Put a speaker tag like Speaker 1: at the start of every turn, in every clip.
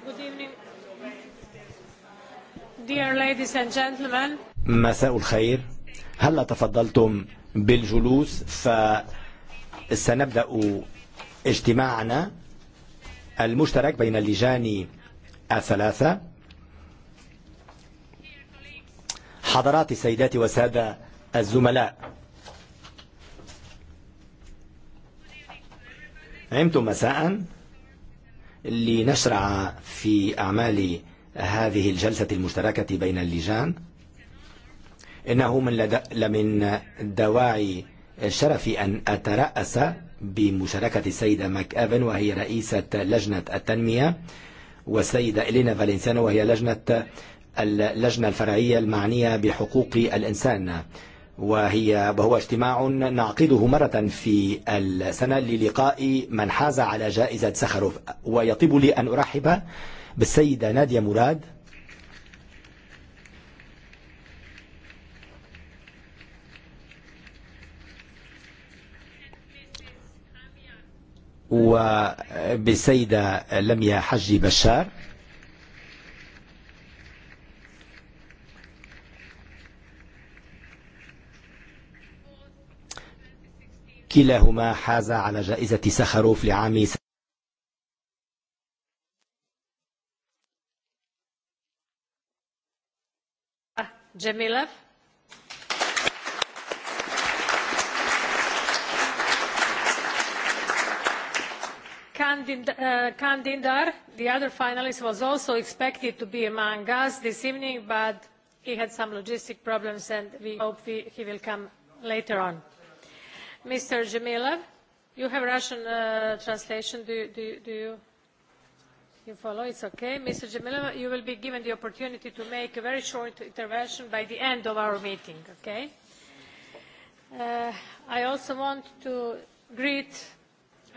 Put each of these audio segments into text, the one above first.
Speaker 1: Good evening. Dear ladies and gentlemen.
Speaker 2: مساء الخير. هلا تفضلتم بالجلوس فسنبدأ اجتماعنا المشترك بين اللجان الثلاثة حضرات السيدات والسادة الزملاء نمتم مساء لنشرع في أعمال هذه الجلسة المشتركة بين اللجان إنه من لمن دواعي شرفي أن أترأس بمشاركة السيدة ماك أفن وهي رئيسة لجنة التنمية والسيدة إلينا فالنسيانو وهي لجنة اللجنة الفرعية المعنية بحقوق الإنسان وهي وهو اجتماع نعقده مرة في السنة للقاء من حاز على جائزة سخروف ويطيب لي أن أرحب بالسيدة نادية مراد وبالسيدة لميا حجي بشار كلاهما حاز على جائزة سخروف لعام
Speaker 1: جميلة ah, uh, Kandindar, the other finalist, was also expected to be among us this evening, but he had some logistic problems and we hope we, he will come later on. Mr. Jamilev, you have Russian uh, translation. Do, do, do you? You follow? It's okay. Mr. Jamila, you will be given the opportunity to make a very short intervention by the end of our meeting, okay? Uh, I also want to greet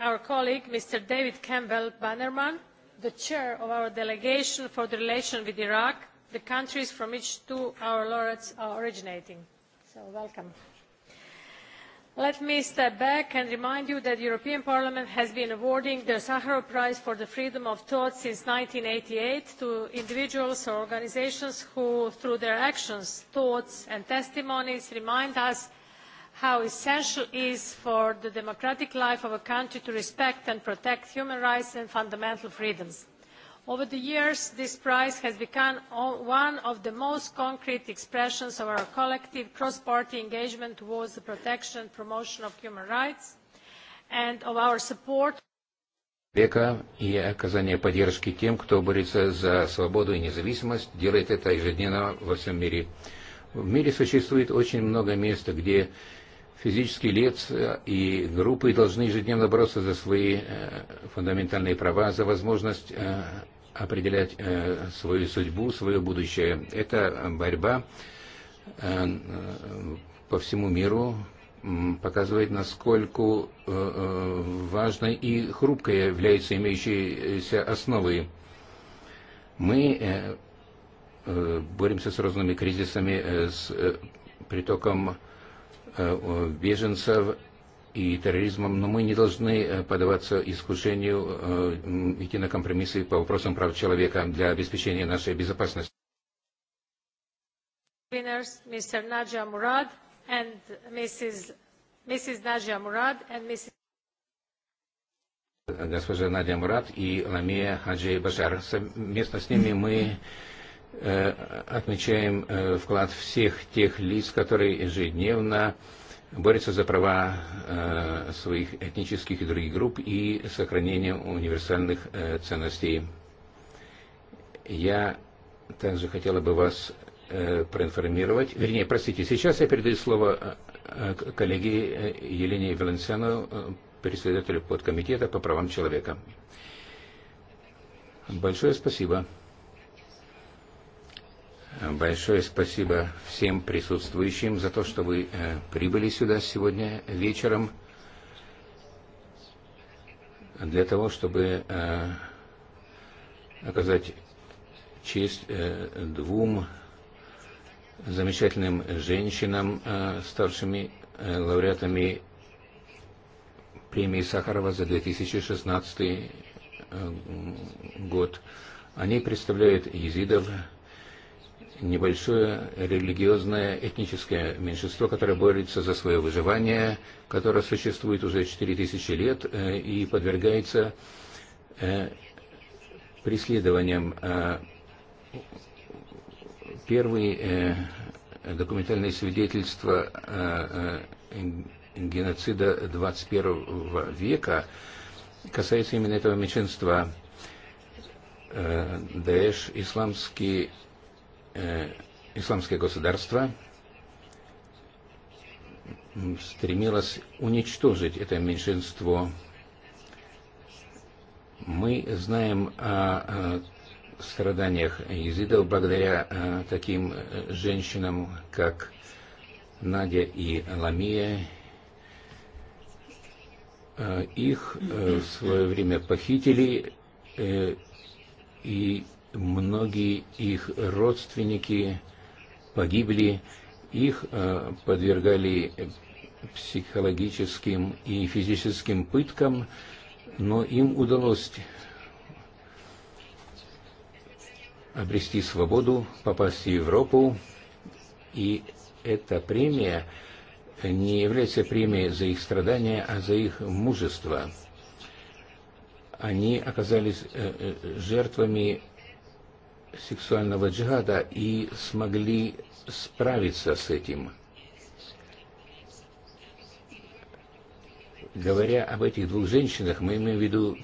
Speaker 1: our colleague, Mr. David Campbell Bannerman, the chair of our delegation for the relation with Iraq, the countries from which two our laureates are originating. So welcome. Let me step back and remind you that the European Parliament has been awarding the Sakharov Prize for the Freedom of Thought since 1988 to individuals or organizations who, through their actions, thoughts and testimonies, remind us how essential it is for the democratic life of a country to respect and protect human rights and fundamental freedoms. Over the years, this prize has become one of the most concrete expressions of our collective cross-party engagement towards the protection and promotion of human rights and of our support
Speaker 3: века и оказание поддержки тем, кто борется за свободу и независимость, делает это ежедневно во всем мире. В мире существует очень много мест, где физические лица и группы должны ежедневно бороться за свои э, фундаментальные права, за возможность э, определять э, свою судьбу, свое будущее. Это борьба э, по всему миру показывает, насколько э, важной и хрупкой являются имеющиеся основы. Мы боремся с разными кризисами, с притоком беженцев и терроризмом, но мы не должны э, поддаваться искушению э, идти на компромиссы по вопросам прав человека для обеспечения нашей безопасности. Госпожа Надя Мурад и Ламия Хаджи Башар. Совместно с ними мы э, отмечаем вклад всех тех лиц, которые ежедневно борется за права э, своих этнических и других групп и сохранение универсальных э, ценностей. Я также хотела бы вас э, проинформировать. Вернее, простите, сейчас я передаю слово э, коллеге э, Елене Валенсиану, э, председателю подкомитета по правам человека. Большое спасибо. Большое спасибо всем присутствующим за то, что вы э, прибыли сюда сегодня вечером для того, чтобы э, оказать честь э, двум замечательным женщинам, старшими лауреатами премии Сахарова за 2016 год. Они представляют езидов, небольшое религиозное этническое меньшинство, которое борется за свое выживание, которое существует уже 4000 лет э, и подвергается э, преследованиям. Э, Первые документальные свидетельства геноцида 21 века касается именно этого меньшинства. Даэш, исламский исламское государство стремилось уничтожить это меньшинство. Мы знаем о страданиях езидов благодаря таким женщинам, как Надя и Ламия. Их в свое время похитили и многие их родственники погибли, их э, подвергали психологическим и физическим пыткам, но им удалось обрести свободу, попасть в Европу, и эта премия не является премией за их страдания, а за их мужество. Они оказались э, э, жертвами сексуального джихада и смогли справиться с этим. Говоря об этих двух женщинах, мы имеем в виду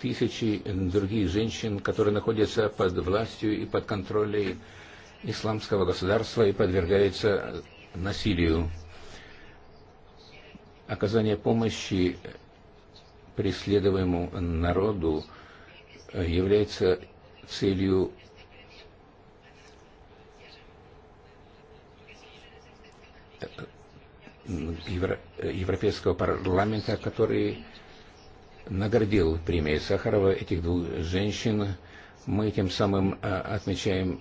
Speaker 3: тысячи других женщин, которые находятся под властью и под контролем исламского государства и подвергаются насилию. Оказание помощи преследуемому народу является целью Европейского парламента, который наградил премией Сахарова этих двух женщин. Мы тем самым отмечаем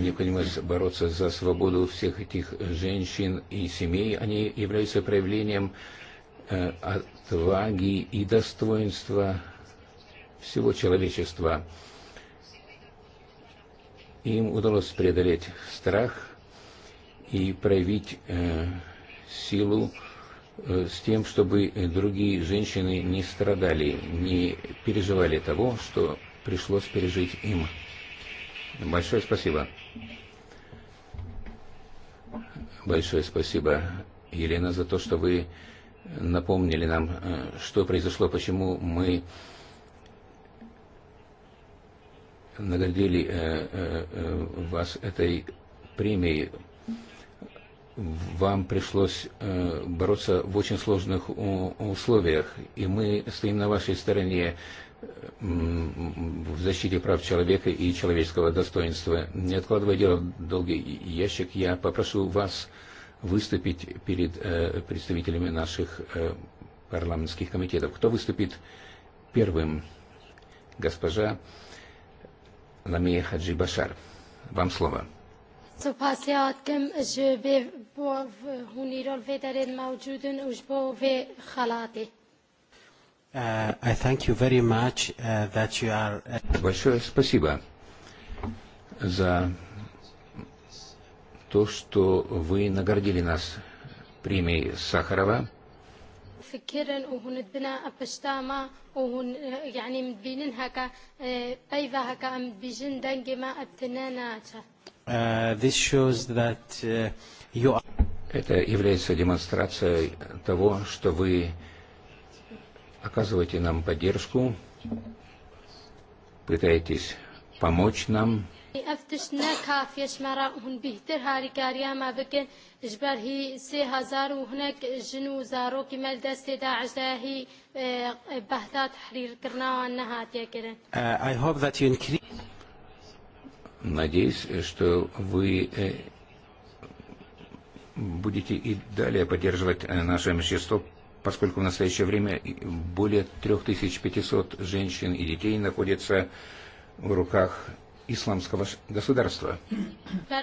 Speaker 3: необходимость бороться за свободу всех этих женщин и семей. Они являются проявлением отваги и достоинства всего человечества. Им удалось преодолеть страх – и проявить э, силу э, с тем, чтобы другие женщины не страдали, не переживали того, что пришлось пережить им. Большое спасибо. Большое спасибо, Елена, за то, что вы напомнили нам, э, что произошло, почему мы наградили э, э, вас этой премией вам пришлось э, бороться в очень сложных условиях, и мы стоим на вашей стороне э, в защите прав человека и человеческого достоинства. Не откладывая дело в долгий ящик, я попрошу вас выступить перед э, представителями наших парламентских комитетов. Кто выступит первым? Госпожа Ламия Хаджи Башар. Вам слово.
Speaker 4: سپاسیاتکم جو به هنیرال و درد موجودن و جو به خلاته
Speaker 5: Uh, I thank you very much uh, that you are... Большое
Speaker 3: спасибо за то, что вы наградили нас премией Сахарова.
Speaker 4: فكرا
Speaker 2: Uh, this shows that uh,
Speaker 3: you are... Это является демонстрацией того, что вы оказываете нам поддержку, пытаетесь помочь нам.
Speaker 4: افتش e, e,
Speaker 3: uh, I hope that you increase Надеюсь, что вы э, будете и далее поддерживать э, наше общество, поскольку в настоящее время более 3500 женщин и детей находятся в руках исламского государства.
Speaker 4: Uh,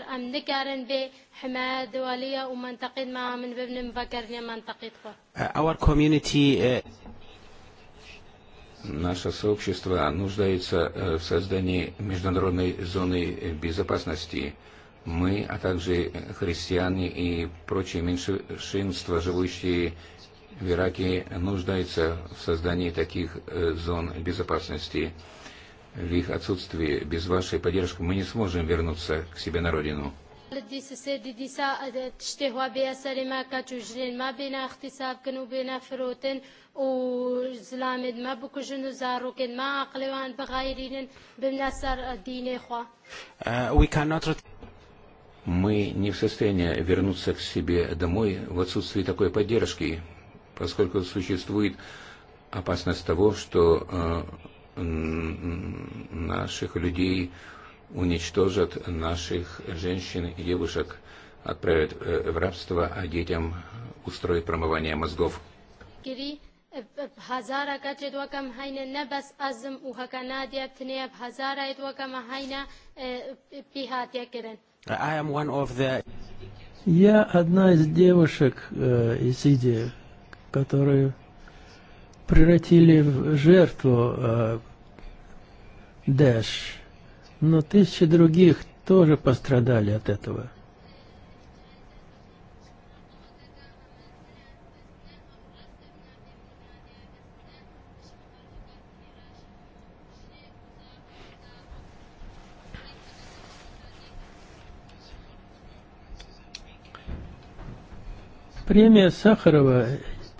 Speaker 3: our community uh... Наше сообщество нуждается э, в создании международной зоны э, безопасности. Мы, а также э, христиане и прочие меньшинства, живущие в Ираке, нуждаются в создании таких зон безопасности. В их отсутствии без вашей поддержки мы не сможем вернуться к себе на родину.
Speaker 4: الديسسي دي ديسا تشتهوا
Speaker 3: we cannot мы не в состоянии вернуться к себе домой в отсутствии такой поддержки, поскольку существует опасность того, что э, наших людей уничтожат наших женщин и девушек, отправят э, в рабство, а детям устроят промывание мозгов.
Speaker 4: وكم نبس أزم وكم بها
Speaker 5: I am one of the...
Speaker 6: Я одна из девушек э, из Идии, которые превратили в жертву э, Дэш но тысячи других тоже пострадали от этого. Премия Сахарова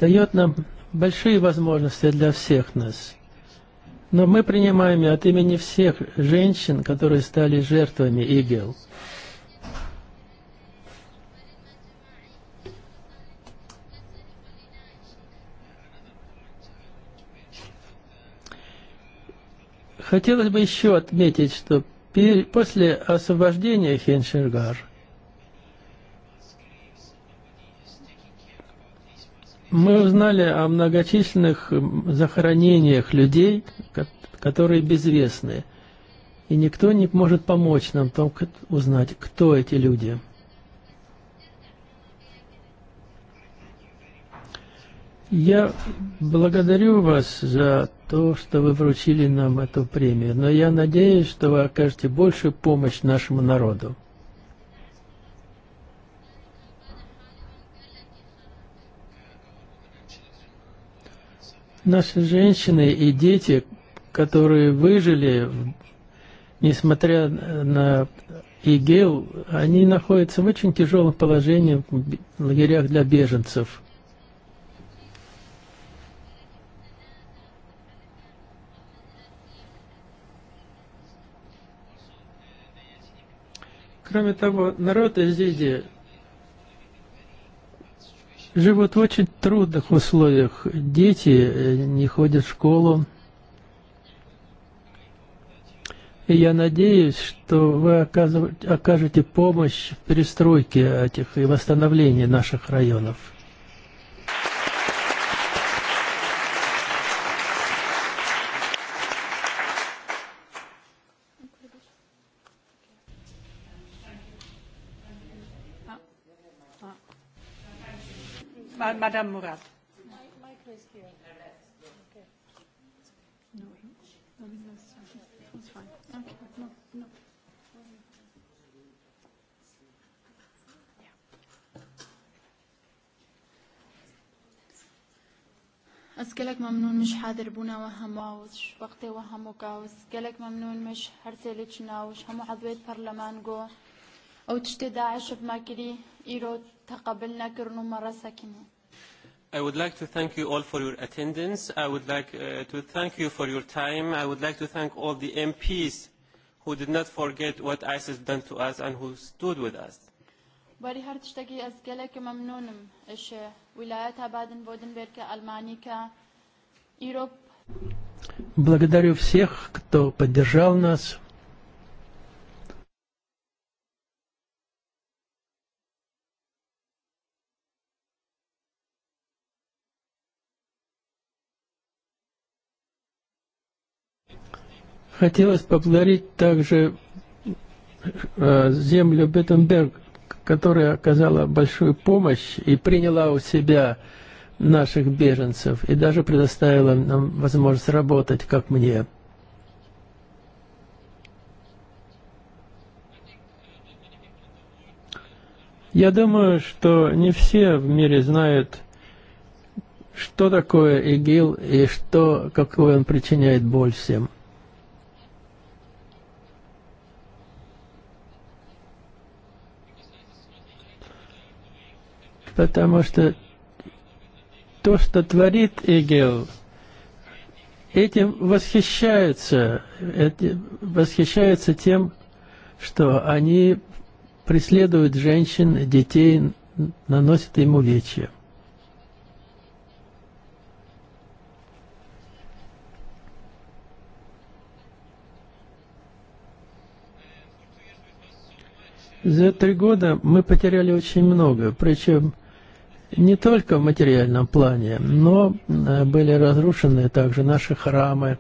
Speaker 6: дает нам большие возможности для всех нас – Но мы принимаем от имени всех женщин, которые стали жертвами ИГИЛ. Хотелось бы еще отметить, что после освобождения Хеншергар – Мы узнали о многочисленных захоронениях людей, которые безвестны. И никто не может помочь нам только узнать, кто эти люди. Я благодарю вас за то, что вы вручили нам эту премию, но я надеюсь, что вы окажете большую помощь нашему народу. Наши женщины и дети, которые выжили, несмотря на ИГИЛ, они находятся в очень тяжелом положении в лагерях для беженцев. Кроме того, народ Азиди живут в очень трудных условиях. Дети э, не ходят в школу. И я надеюсь, что вы окажете помощь в перестройке этих и восстановлении наших районов.
Speaker 1: Madame Murat.
Speaker 7: أسكلك ممنون مش حاضر بونا وهم واوش وقتي وهم وكاوس كلك ممنون مش هرسلتش ناوش همو حضويت برلمان جو أو تشتي داعش بماكري إيروت تقبلنا كرنو مرة ساكنين
Speaker 6: I would like to thank you all for your attendance. I would like uh, to thank you for your time. I would like to thank all the MPs who did not forget what ISIS done to us and who stood with us.
Speaker 7: باري هر تشتكي ممنونم إش ولايتها بادن بودنبرك ألمانيكا Europe.
Speaker 6: Благодарю всех, кто поддержал нас. Хотелось поблагодарить также э, землю Беттенберг, которая оказала большую помощь и приняла у себя наших беженцев и даже предоставила нам возможность работать, как мне. Я думаю, что не все в мире знают, что такое ИГИЛ и что, какой он причиняет боль всем. потому что то, что творит ИГИЛ, этим восхищается эти, восхищается тем, что они преследуют женщин, детей, наносят им увечья. За три года мы потеряли очень много, причем не только в материальном плане, но э, были разрушены также наши храмы.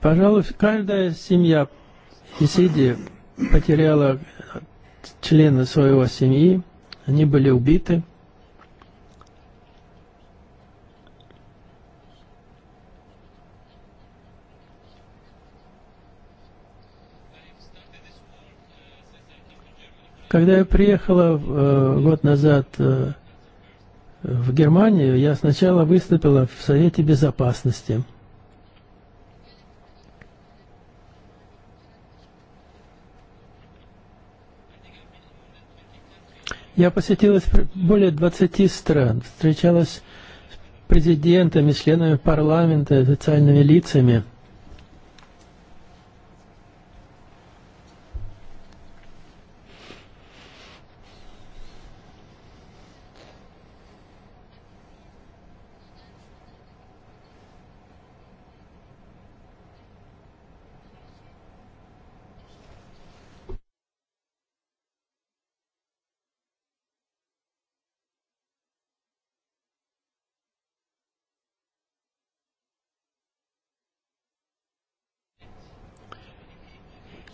Speaker 6: Пожалуй, каждая семья Исиди потеряла члены своего семьи, они были убиты – Когда я приехала э, год назад э, в Германию, я сначала выступила в Совете Безопасности. Я посетила более 20 стран, встречалась с президентами, членами парламента, официальными лицами –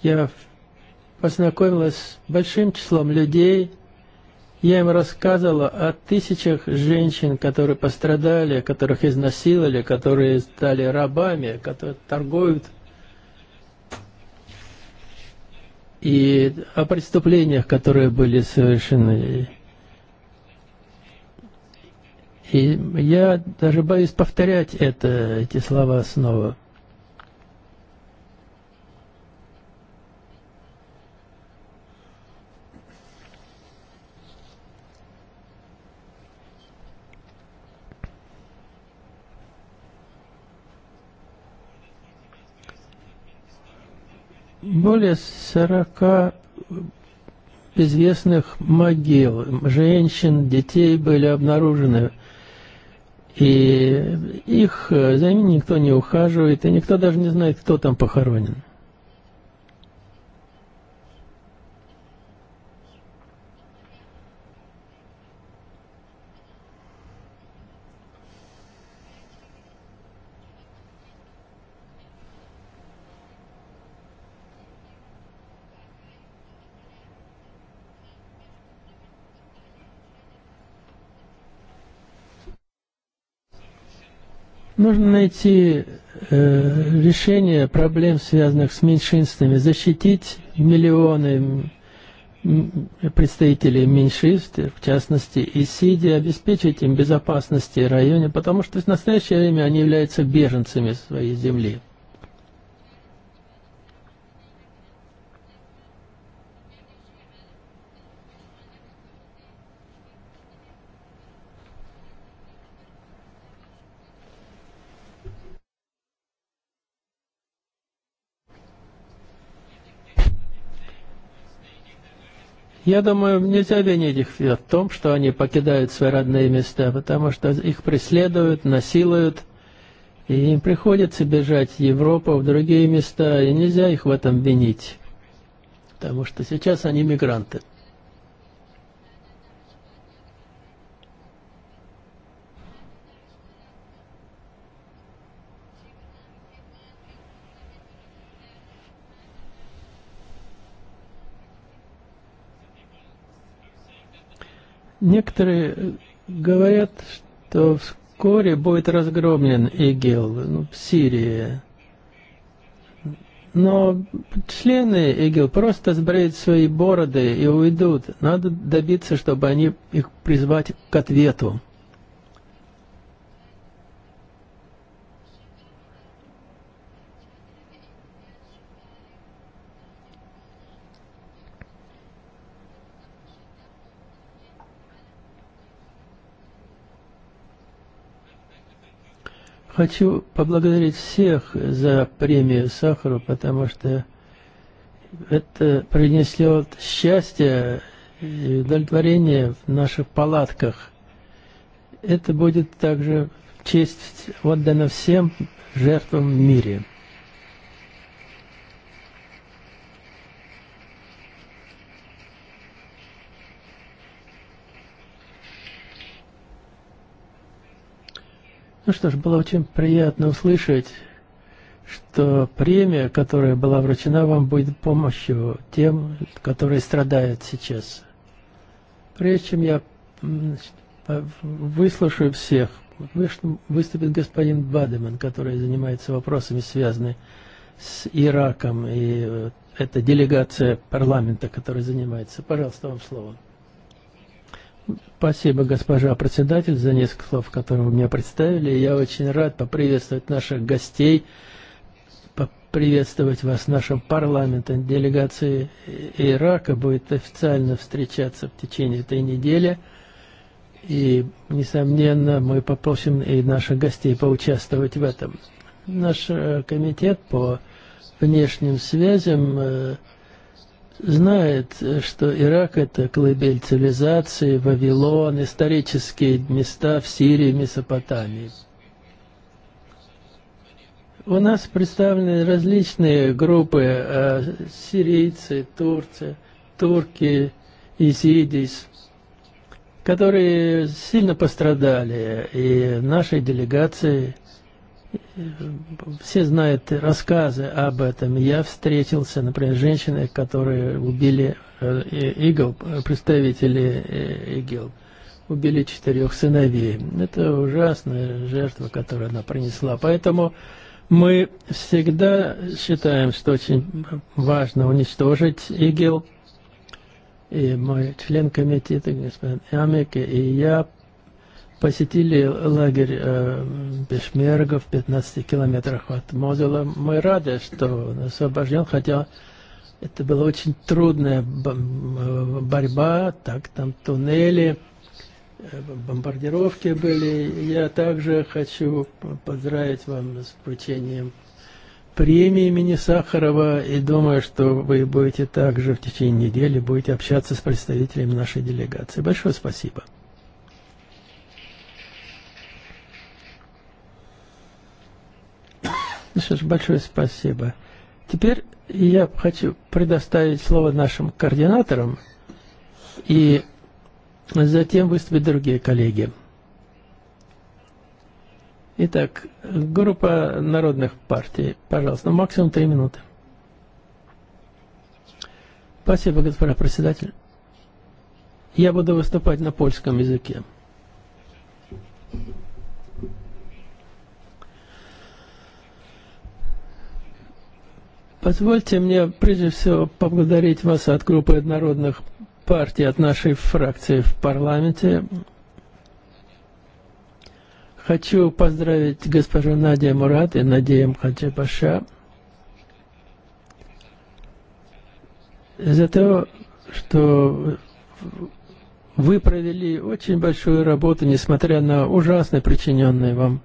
Speaker 6: Я познакомилась с большим числом людей. Я им рассказывала о тысячах женщин, которые пострадали, которых изнасиловали, которые стали рабами, которые торгуют. И о преступлениях, которые были совершены. И я даже боюсь повторять это, эти слова снова. более 40 известных могил. Женщин, детей были обнаружены. И их э, за ними никто не ухаживает, и никто даже не знает, кто там похоронен. Нужно найти э, решение проблем, связанных с меньшинствами, защитить миллионы представителей меньшинств, в частности и Сиди, обеспечить им безопасность в районе, потому что в настоящее время они являются беженцами своей земли. Я думаю, нельзя винить их в том, что они покидают свои родные места, потому что их преследуют, насилуют, и им приходится бежать в Европу, в другие места, и нельзя их в этом винить, потому что сейчас они мигранты. Некоторые говорят, что вскоре будет разгромлен ИГИЛ ну, в Сирии. Но члены ИГИЛ просто сбреют свои бороды и уйдут. Надо добиться, чтобы они их призвать к ответу. Хочу поблагодарить всех за премию Сахару, потому что это принесло счастье и удовлетворение в наших палатках. Это будет также честь отдана всем жертвам в мире. Ну что ж, было очень приятно услышать, что премия, которая была вручена вам, будет помощью тем, которые страдают сейчас. Прежде чем я значит, выслушаю всех, выступит господин Бадеман, который занимается вопросами, связанными с Ираком, и э, это делегация парламента, которая занимается. Пожалуйста, вам слово. Спасибо, госпожа председатель, за несколько слов, которые вы мне представили. Я очень рад поприветствовать наших гостей, поприветствовать вас в нашем парламенте. делегации Ирака будет официально встречаться в течение этой недели. И, несомненно, мы попросим и наших гостей поучаствовать в этом. Наш э, комитет по внешним связям э, знает, что Ирак – это колыбель цивилизации, Вавилон, исторические места в Сирии, Месопотамии. У нас представлены различные группы э, – сирийцы, турцы, турки, изидис, которые сильно пострадали, и нашей делегации Все знают рассказы об этом. Я встретился, например, с женщиной, которые убили э, игл, представители э, игл. Убили четырех сыновей. Это ужасная жертва, которую она принесла. Поэтому мы всегда считаем, что очень важно уничтожить игл. И мой член комитета, господин Амик, и я посетили лагерь э, Пешмерга в 15 километрах от Мозела. Мы рады, что он освобожден, хотя это была очень трудная э, борьба, так там туннели, э, бомбардировки были. Я также хочу поздравить вам с вручением премии имени Сахарова и думаю, что вы будете также в течение недели будете общаться с представителями нашей делегации. Большое спасибо. Еще ж большое спасибо. Теперь я хочу предоставить слово нашим координаторам и затем выступить другие коллеги. Итак, группа народных партий, пожалуйста, максимум три минуты. Спасибо, господин председатель. Я буду выступать на польском языке. Позвольте мне прежде всего поблагодарить вас от группы однородных партий, от нашей фракции в парламенте. Хочу поздравить госпожу Надя Мурат и Надеем Хаджипаша за то, что вы провели очень большую работу, несмотря на ужасно причиненные вам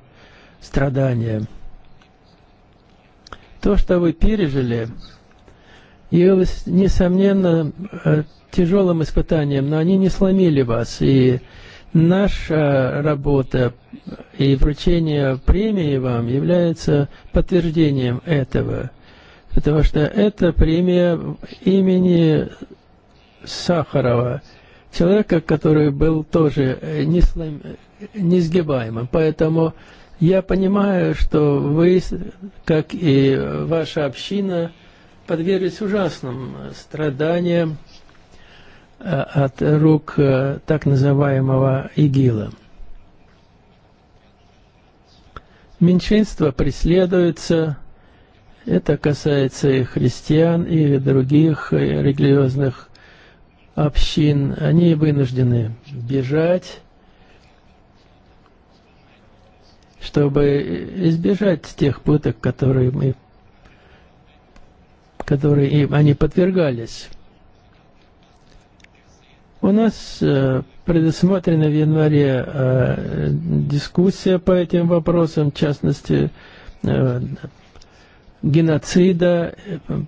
Speaker 6: страдания. То, что вы пережили, явилось, несомненно, э, тяжелым испытанием, но они не сломили вас. И наша работа и вручение премии вам является подтверждением этого. Потому что это премия имени Сахарова, человека, который был тоже э, э, несгибаемым. Поэтому Я понимаю, что вы, как и ваша община, подверглись ужасным страданиям от рук э, так называемого ИГИЛа. Меньшинства преследуются, это касается и христиан, и других э, религиозных общин. Они вынуждены бежать, чтобы избежать тех пыток, которые мы которые им они подвергались. У нас э, предусмотрена в январе э, дискуссия по этим вопросам, в частности, э, геноцида,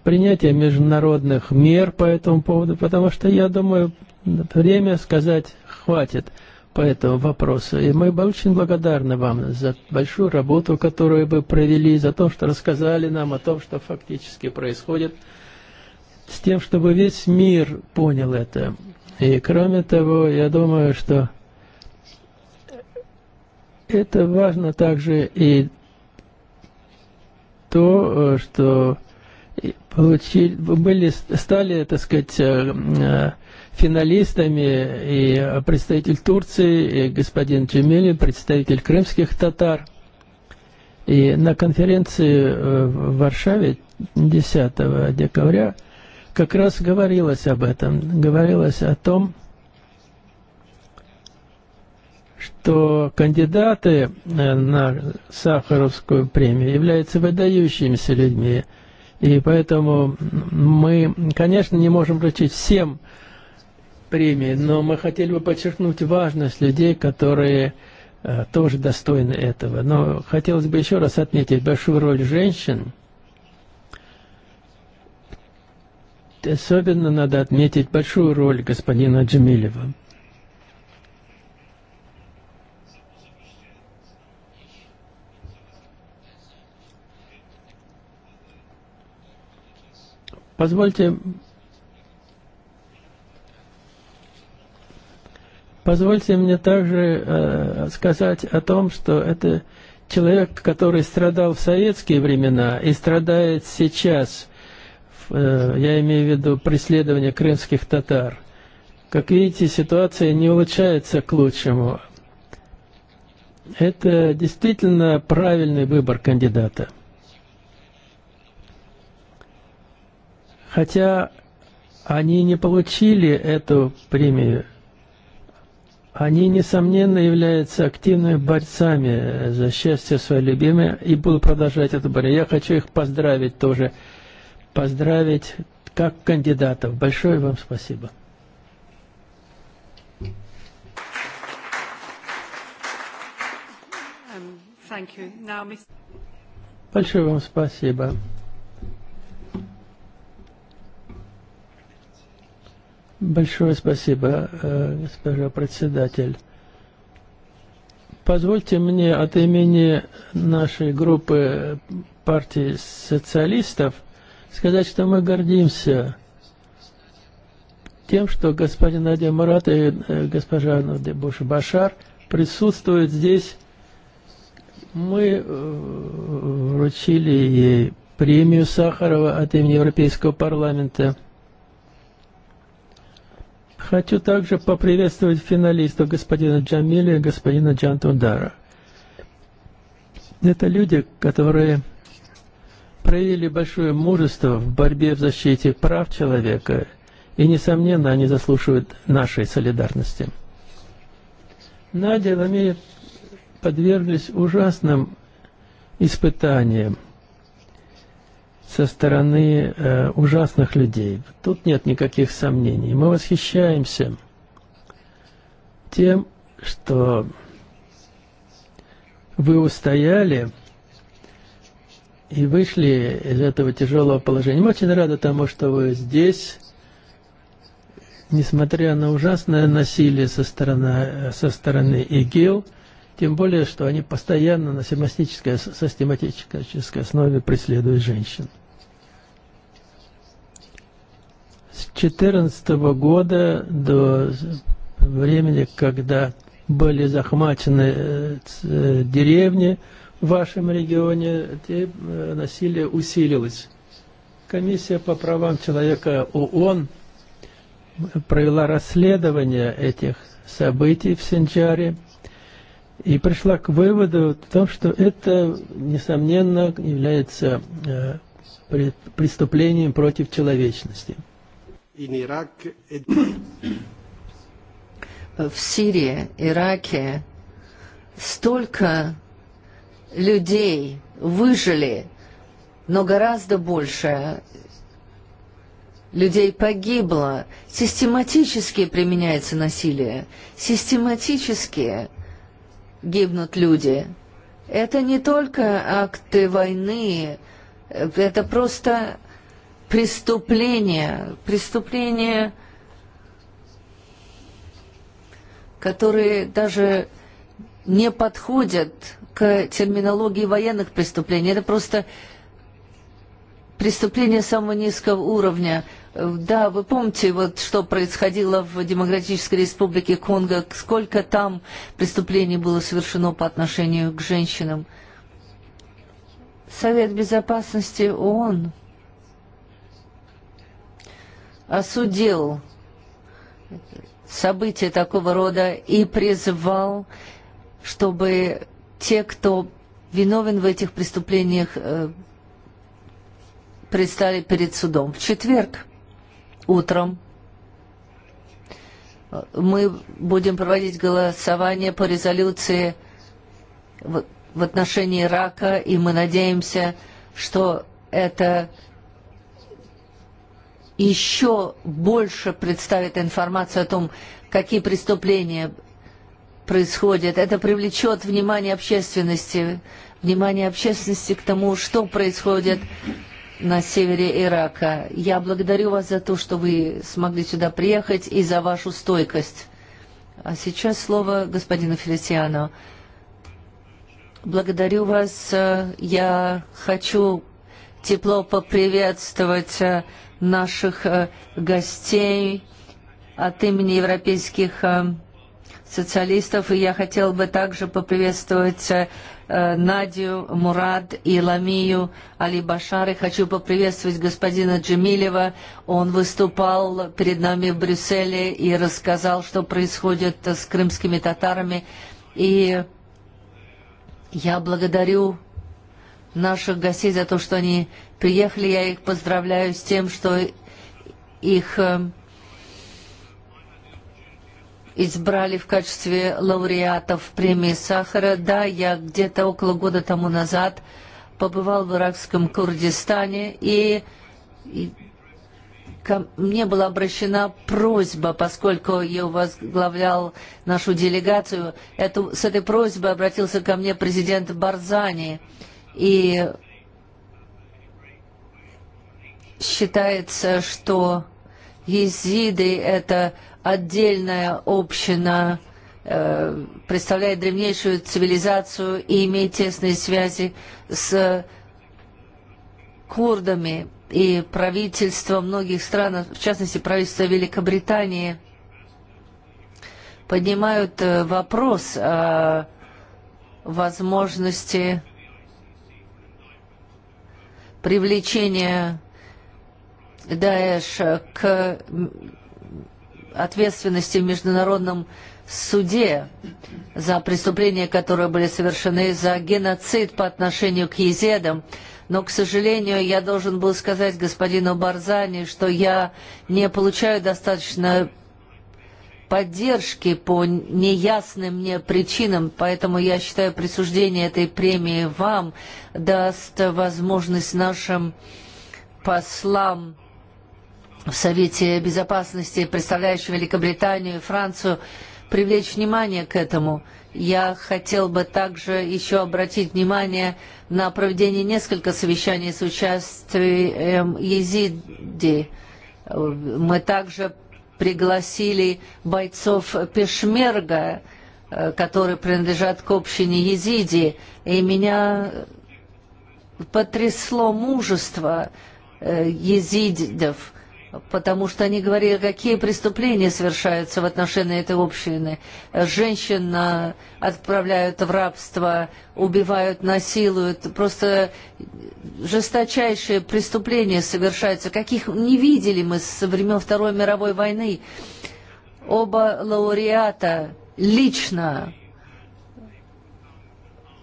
Speaker 6: принятие международных мер по этому поводу, потому что, я думаю, время сказать хватит по этому вопросу. И мы очень благодарны вам за большую работу, которую вы провели, за то, что рассказали нам о том, что фактически происходит, с тем, чтобы весь мир понял это. И кроме того, я думаю, что это важно также и то, э, что получили, были, стали, так сказать, э, э, финалистами и представитель Турции, и господин Джемили, представитель крымских татар. И на конференции э, в Варшаве 10 декабря как раз говорилось об этом, говорилось о том, что кандидаты э, на Сахаровскую премию являются выдающимися людьми. И поэтому мы, конечно, не можем вручить всем премии, но мы хотели бы подчеркнуть важность людей, которые э, тоже достойны этого. Но хотелось бы еще раз отметить большую роль женщин. Особенно надо отметить большую роль господина Джамилева. Позвольте Позвольте мне также э, сказать о том, что это человек, который страдал в советские времена и страдает сейчас, э, я имею в виду преследование крымских татар. Как видите, ситуация не улучшается к лучшему. Это действительно правильный выбор кандидата. Хотя они не получили эту премию Они, несомненно, являются активными борцами за счастье своей любимой и будут продолжать эту борьбу. Я хочу их поздравить тоже, поздравить как кандидатов. Большое вам спасибо.
Speaker 1: Um,
Speaker 6: Большое вам спасибо. Большое спасибо, э, госпожа председатель. Позвольте мне от имени нашей группы партии социалистов сказать, что мы гордимся тем, что господин Надя Марат и э, госпожа Навдебуш Башар присутствуют здесь. Мы э, вручили ей премию Сахарова от имени Европейского парламента – Хочу также поприветствовать финалистов господина Джамиля и господина Джантундара. Это люди, которые проявили большое мужество в борьбе в защите прав человека, и, несомненно, они заслуживают нашей солидарности. Надя Ламея подверглись ужасным испытаниям со стороны э, ужасных людей. Тут нет никаких сомнений. Мы восхищаемся тем, что вы устояли и вышли из этого тяжелого положения. Мы очень рады тому, что вы здесь, несмотря на ужасное насилие со стороны, э, со стороны ИГИЛ – Тем более, что они постоянно на семастической, систематической основе преследуют женщин. С 2014 года до времени, когда были захвачены э, э, деревни в вашем регионе, э, насилие усилилось. Комиссия по правам человека ООН провела расследование этих событий в Синджаре – и пришла к выводу о том, что это, несомненно, является э, преступлением против человечности.
Speaker 8: В Сирии, Ираке столько людей выжили, но гораздо больше людей погибло. Систематически применяется насилие, систематически гибнут люди. Это не только акты войны, это просто преступления, преступления, которые даже не подходят к терминологии военных преступлений. Это просто преступление самого низкого уровня. Да, вы помните, вот что происходило в Демократической Республике Конго, сколько там преступлений было совершено по отношению к женщинам. Совет Безопасности ООН осудил события такого рода и призывал, чтобы те, кто виновен в этих преступлениях, э, предстали перед судом. В четверг утром мы будем проводить голосование по резолюции в, в отношении Ирака, и мы надеемся, что это еще больше представит информацию о том, какие преступления происходят. Это привлечет внимание общественности, внимание общественности к тому, что происходит на севере Ирака. Я благодарю вас за то, что вы смогли сюда приехать и за вашу стойкость. А сейчас слово господину Фелисиану. Благодарю вас. Э, я хочу тепло поприветствовать э, наших э, гостей от имени европейских социалистов. И я хотел бы также поприветствовать Э, Надю Мурад и Ламию Али Башары. Хочу поприветствовать господина Джемилева. Он выступал перед нами в Брюсселе и рассказал, что происходит с крымскими татарами. И я благодарю наших гостей за то, что они приехали. Я их поздравляю с тем, что их э, избрали в качестве лауреатов премии Сахара. Да, я где-то около года тому назад побывал в иракском Курдистане, и, и ко мне была обращена просьба, поскольку я возглавлял нашу делегацию, эту, с этой просьбой обратился ко мне президент Барзани, и считается, что езиды – это отдельная община э, представляет древнейшую цивилизацию и имеет тесные связи с курдами и правительство многих стран, в частности правительство Великобритании, поднимают вопрос о eh, возможности привлечения Даэш к ответственности в Международном суде за преступления, которые были совершены, за геноцид по отношению к езедам. Но, к сожалению, я должен был сказать господину Барзани, что я не получаю достаточно поддержки по неясным мне причинам, поэтому я считаю, присуждение этой премии вам даст возможность нашим послам в Совете Безопасности, представляющий Великобританию и Францию, привлечь внимание к этому. Я хотел бы также еще обратить внимание на проведение нескольких совещаний с участием езиди. Мы также пригласили бойцов Пешмерга, э, которые принадлежат к общине езиди, и меня потрясло мужество э, езидов – потому что они говорили, какие преступления совершаются в отношении этой общины. Женщин отправляют в рабство, убивают, насилуют. Просто жесточайшие преступления совершаются, каких не видели мы со времен Второй мировой войны. Оба лауреата лично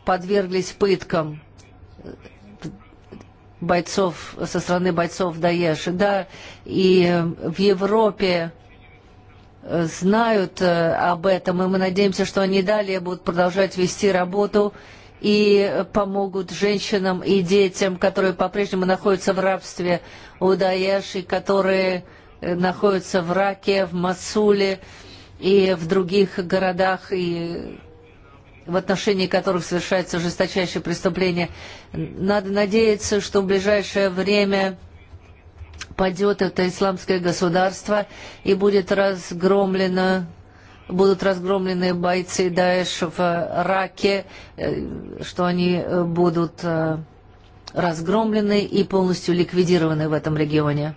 Speaker 8: подверглись пыткам бойцов со стороны бойцов Даеш. Да, и э, в Европе э, знают э, об этом, и мы надеемся, что они далее будут продолжать вести работу и помогут женщинам и детям, которые по-прежнему находятся в рабстве у Даеш, и которые находятся в Раке, в Масуле и в других городах и в отношении которых совершаются жесточайшие преступления. Надо надеяться, что в ближайшее время падет это исламское государство и будет разгромлено будут разгромлены бойцы Даэш в Раке, э, что они э, будут э, разгромлены и полностью ликвидированы в этом регионе.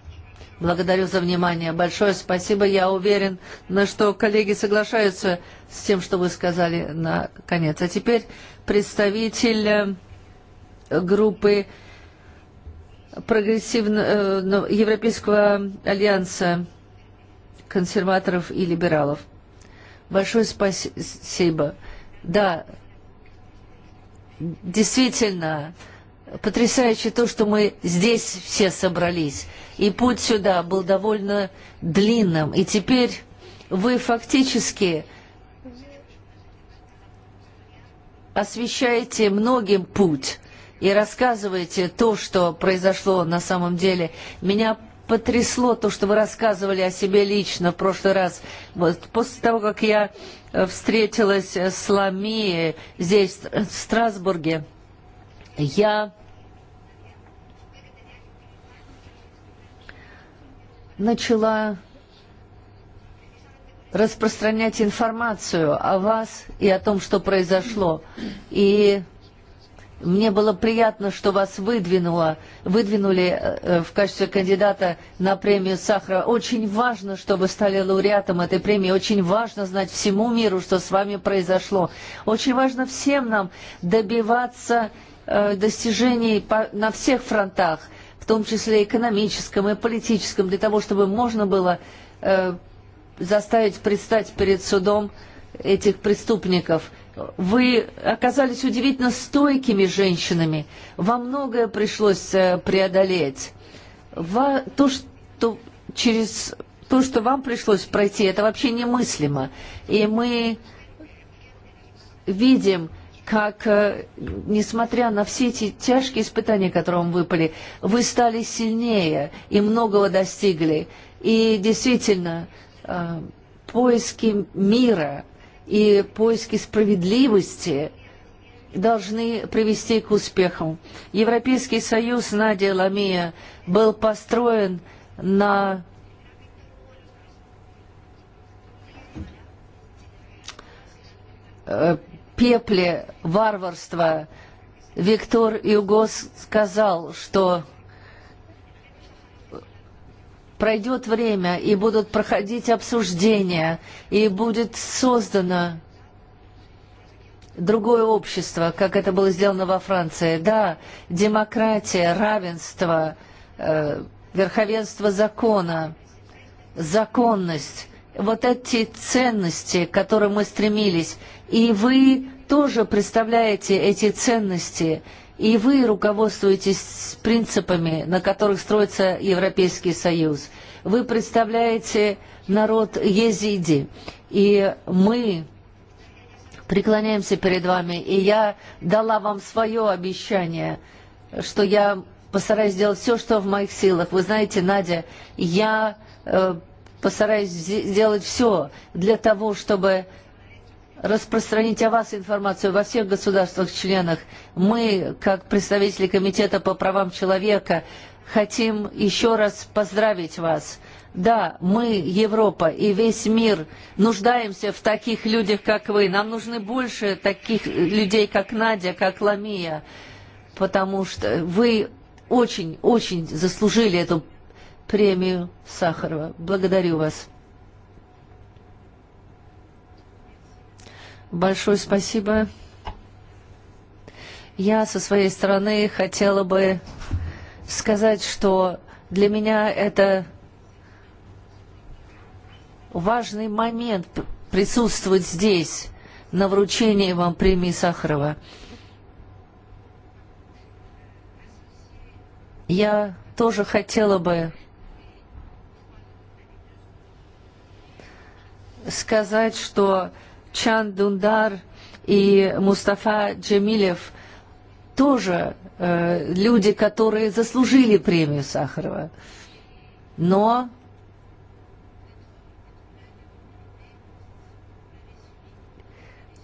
Speaker 8: Благодарю за внимание. Большое спасибо. Я уверен, на что коллеги соглашаются с тем, что вы сказали на конец. А теперь представитель э, группы прогрессивного э, Европейского альянса консерваторов и либералов. Большое спасибо. Да, действительно, Потрясающе то, что мы здесь все собрались. И путь сюда был довольно длинным. И теперь вы фактически освещаете многим путь и рассказываете то, что произошло на самом деле. Меня потрясло то, что вы рассказывали о себе лично в прошлый раз. Вот, после того, как я встретилась с Лами здесь, в Страсбурге, Я начала распространять информацию о вас и о том, что произошло. И мне было приятно, что вас выдвинуло, выдвинули э, э, в качестве кандидата на премию Сахара. Очень важно, чтобы вы стали лауреатом этой премии. Очень важно знать всему миру, что с вами произошло. Очень важно всем нам добиваться Э, достижений на всех фронтах, в том числе экономическом и политическом, для того, чтобы можно было э, заставить предстать перед судом этих преступников. Вы оказались удивительно стойкими женщинами. Вам многое пришлось э, преодолеть. Во, то, что через то, что вам пришлось пройти, это вообще немыслимо. И мы видим, как, э, несмотря на все эти тяжкие испытания, которые вы выпали, вы стали сильнее и многого достигли. И действительно, э, поиски мира и поиски справедливости должны привести к успеху. Европейский союз Надя Ламия был построен на э, пепле варварства Виктор Югос сказал, что пройдет время и будут проходить обсуждения, и будет создано другое общество, как это было сделано во Франции. Да, демократия, равенство, э, верховенство закона, законность вот эти ценности, к которым мы стремились, и вы тоже представляете эти ценности, и вы руководствуетесь принципами, на которых строится Европейский Союз. Вы представляете народ езиди, и мы преклоняемся перед вами, и я дала вам свое обещание, что я постараюсь сделать все, что в моих силах. Вы знаете, Надя, я э, постараюсь сделать все для того, чтобы распространить о вас информацию во всех государствах-членах. Мы, как представители Комитета по правам человека, хотим еще раз поздравить вас. Да, мы, Европа и весь мир, нуждаемся в таких людях, как вы. Нам нужны больше таких людей, как Надя, как Ламия, потому что вы очень-очень заслужили эту премию Сахарова. Благодарю вас. Большое спасибо. Я со своей стороны хотела бы сказать, что для меня это важный момент присутствовать здесь на вручении вам премии Сахарова. Я тоже хотела бы сказать, что Чан Дундар и Мустафа Джемилев тоже э, люди, которые заслужили премию Сахарова. Но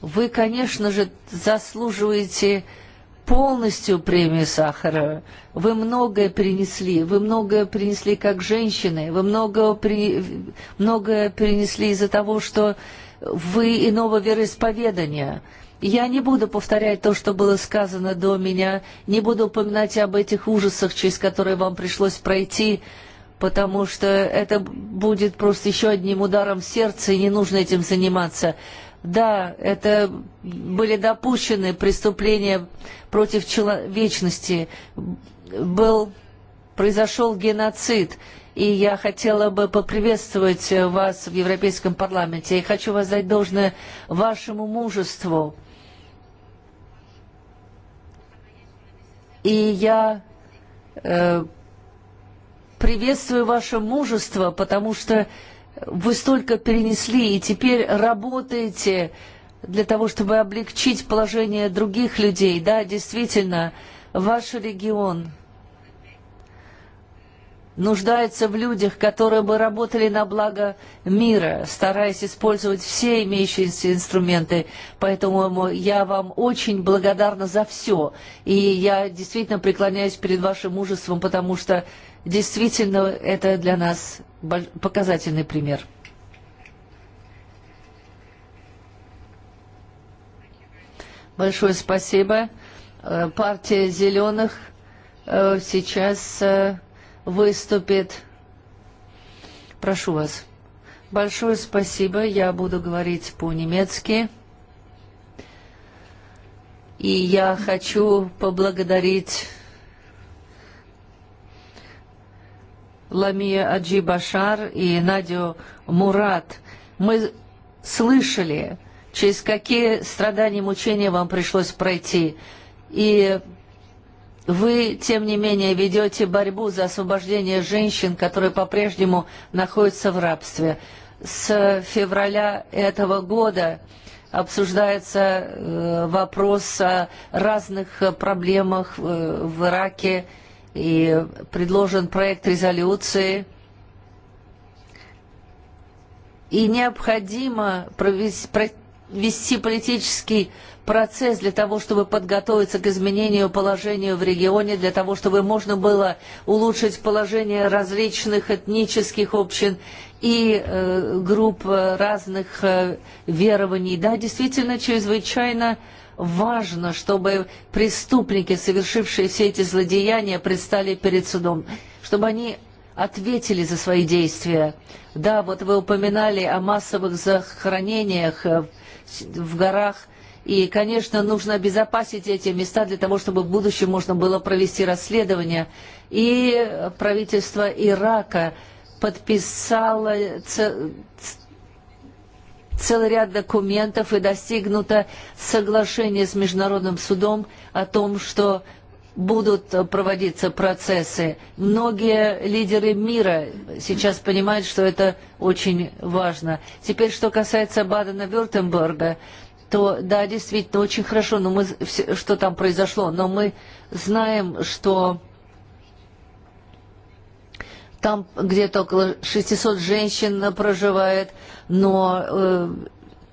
Speaker 8: вы, конечно же, заслуживаете э, полностью премию Сахара. Вы многое принесли, вы многое принесли как женщины, вы многое, при, многое принесли из-за того, что вы иного вероисповедания. Я не буду повторять то, что было сказано до меня, не буду упоминать об этих ужасах, через которые вам пришлось пройти, потому что это будет просто еще одним ударом сердца, и не нужно этим заниматься. Да, это были допущены преступления против человечности, был, произошел геноцид. И я хотела бы поприветствовать вас в Европейском парламенте. И хочу воздать должное вашему мужеству. И я э, приветствую ваше мужество, потому что э, вы столько перенесли и теперь работаете для того, чтобы облегчить положение других людей. Да, действительно, ваш регион нуждается в людях, которые бы работали на благо мира, стараясь использовать все имеющиеся инструменты. Поэтому я вам очень благодарна за все. И я действительно преклоняюсь перед вашим мужеством, потому что Действительно, это для нас показательный пример. Большое спасибо. Э, партия зеленых э, сейчас э, выступит. Прошу вас. Большое спасибо. Я буду говорить по-немецки. И я хочу поблагодарить Ламия Аджи Башар и Надю Мурат. Мы слышали, через какие страдания и мучения вам пришлось пройти. И вы, тем не менее, ведете борьбу за освобождение женщин, которые по-прежнему находятся в рабстве. С февраля этого года обсуждается э, вопрос о разных э, проблемах э, в Ираке, и предложен проект резолюции. И необходимо провести, политический процесс для того, чтобы подготовиться к изменению положения в регионе, для того, чтобы можно было улучшить положение различных этнических общин и э, групп разных э, верований. Да, действительно, чрезвычайно э, важно, чтобы преступники, совершившие все эти злодеяния, предстали перед судом, чтобы они ответили за свои действия. Да, вот вы упоминали о массовых захоронениях э, в горах, и, конечно, нужно обезопасить эти места для того, чтобы в будущем можно было провести расследование. И правительство Ирака подписало целый ряд документов и достигнуто соглашение с Международным судом о том, что будут проводиться процессы. Многие лидеры мира сейчас понимают, что это очень важно. Теперь, что касается бадена Вюртенберга, то да, действительно, очень хорошо, но мы, что там произошло, но мы знаем, что там где-то около 600 женщин проживает, но э,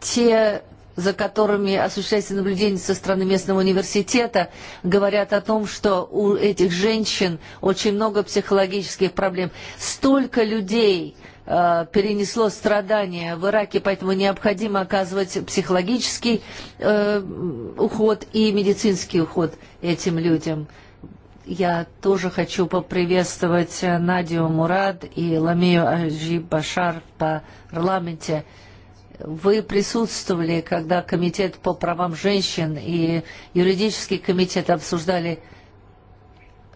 Speaker 8: те за которыми осуществляется наблюдение со стороны местного университета, говорят о том, что у этих женщин очень много психологических проблем. Столько людей э, перенесло страдания в Ираке, поэтому необходимо оказывать психологический э, уход и медицинский уход этим людям. Я тоже хочу поприветствовать Надио Мурад и Ламию Ажи Башар по парламенте. Вы присутствовали, когда Комитет по правам женщин и юридический комитет обсуждали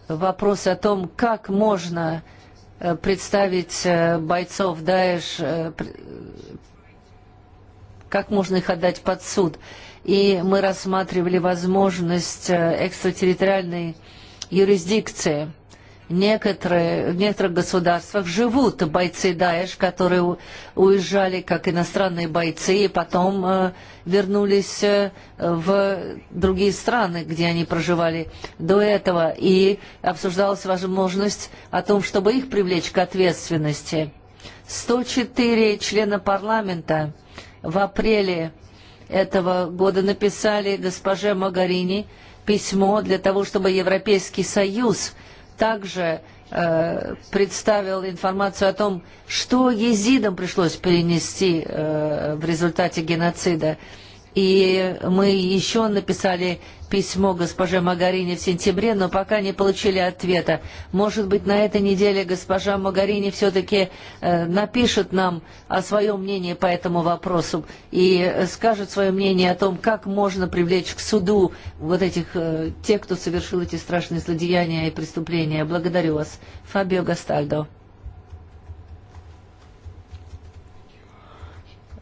Speaker 8: вопрос о том, как можно э, представить э, бойцов Даэш, э, как можно их отдать под суд. И мы рассматривали возможность экстратерриториальной юрисдикции. Некоторые, в некоторых государствах живут бойцы Даешь, которые уезжали как иностранные бойцы и потом э, вернулись э, в другие страны, где они проживали до этого. И обсуждалась возможность о том, чтобы их привлечь к ответственности. 104 члена парламента в апреле этого года написали госпоже Магарини, письмо для того, чтобы Европейский Союз также э, представил информацию о том, что езидам пришлось перенести э, в результате геноцида. И мы еще написали письмо госпоже Магарини в сентябре, но пока не получили ответа. Может быть, на этой неделе госпожа Магарини все-таки э, напишет нам о своем мнении по этому вопросу и э, скажет свое мнение о том, как можно привлечь к суду вот этих э, тех, кто совершил эти страшные злодеяния и преступления. Благодарю вас. Фабио Гастальдо.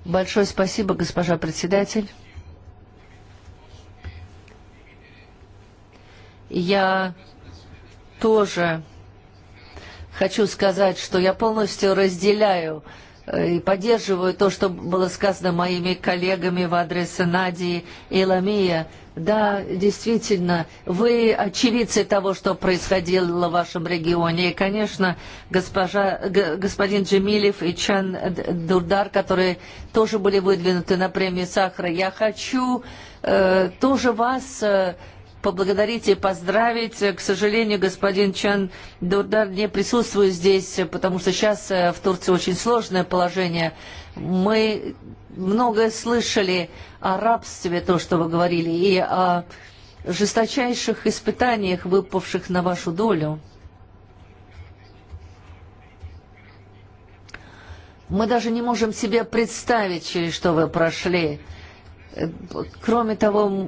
Speaker 8: Большое спасибо, госпожа председатель. Я тоже хочу сказать, что я полностью разделяю э, и поддерживаю то, что было сказано моими коллегами в адрес Надии и Ламия. Да, действительно, вы очевидцы того, что происходило в вашем регионе. И, конечно, госпожа, господин Джемилев и Чан Дурдар, которые тоже были выдвинуты на премию Сахара. Я хочу э, тоже вас э, поблагодарить и поздравить. К сожалению, господин Чан Дурдар не присутствует здесь, потому что сейчас э, в Турции очень сложное положение. Мы многое слышали о рабстве, то, что вы говорили, и о жесточайших испытаниях, выпавших на вашу долю. Мы даже не можем себе представить, через что вы прошли. Э, кроме того,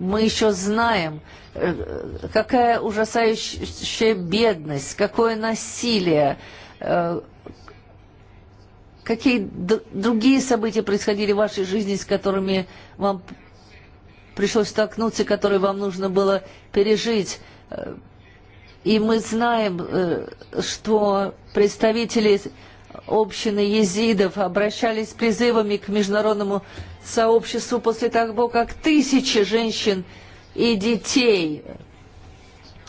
Speaker 8: Мы еще знаем, э, какая ужасающая бедность, какое насилие, э, какие другие события происходили в вашей жизни, с которыми вам пришлось столкнуться, которые вам нужно было пережить. Э, и мы знаем, что представители общины езидов обращались с призывами к международному сообществу после того, как тысячи женщин и детей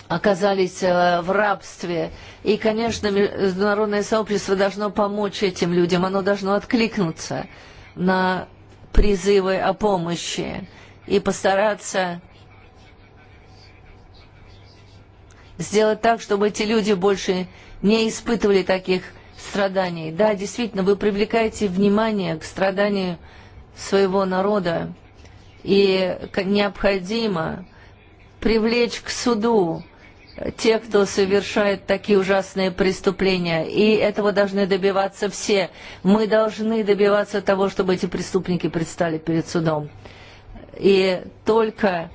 Speaker 8: оказались э, в рабстве. И, конечно, международное сообщество должно помочь этим людям, оно должно откликнуться на призывы о помощи и постараться сделать так, чтобы эти люди больше не испытывали таких страданий. Да, действительно, вы привлекаете внимание к страданию своего народа, и необходимо привлечь к суду тех, кто совершает такие ужасные преступления. И этого должны добиваться все. Мы должны добиваться того, чтобы эти преступники предстали перед судом. И только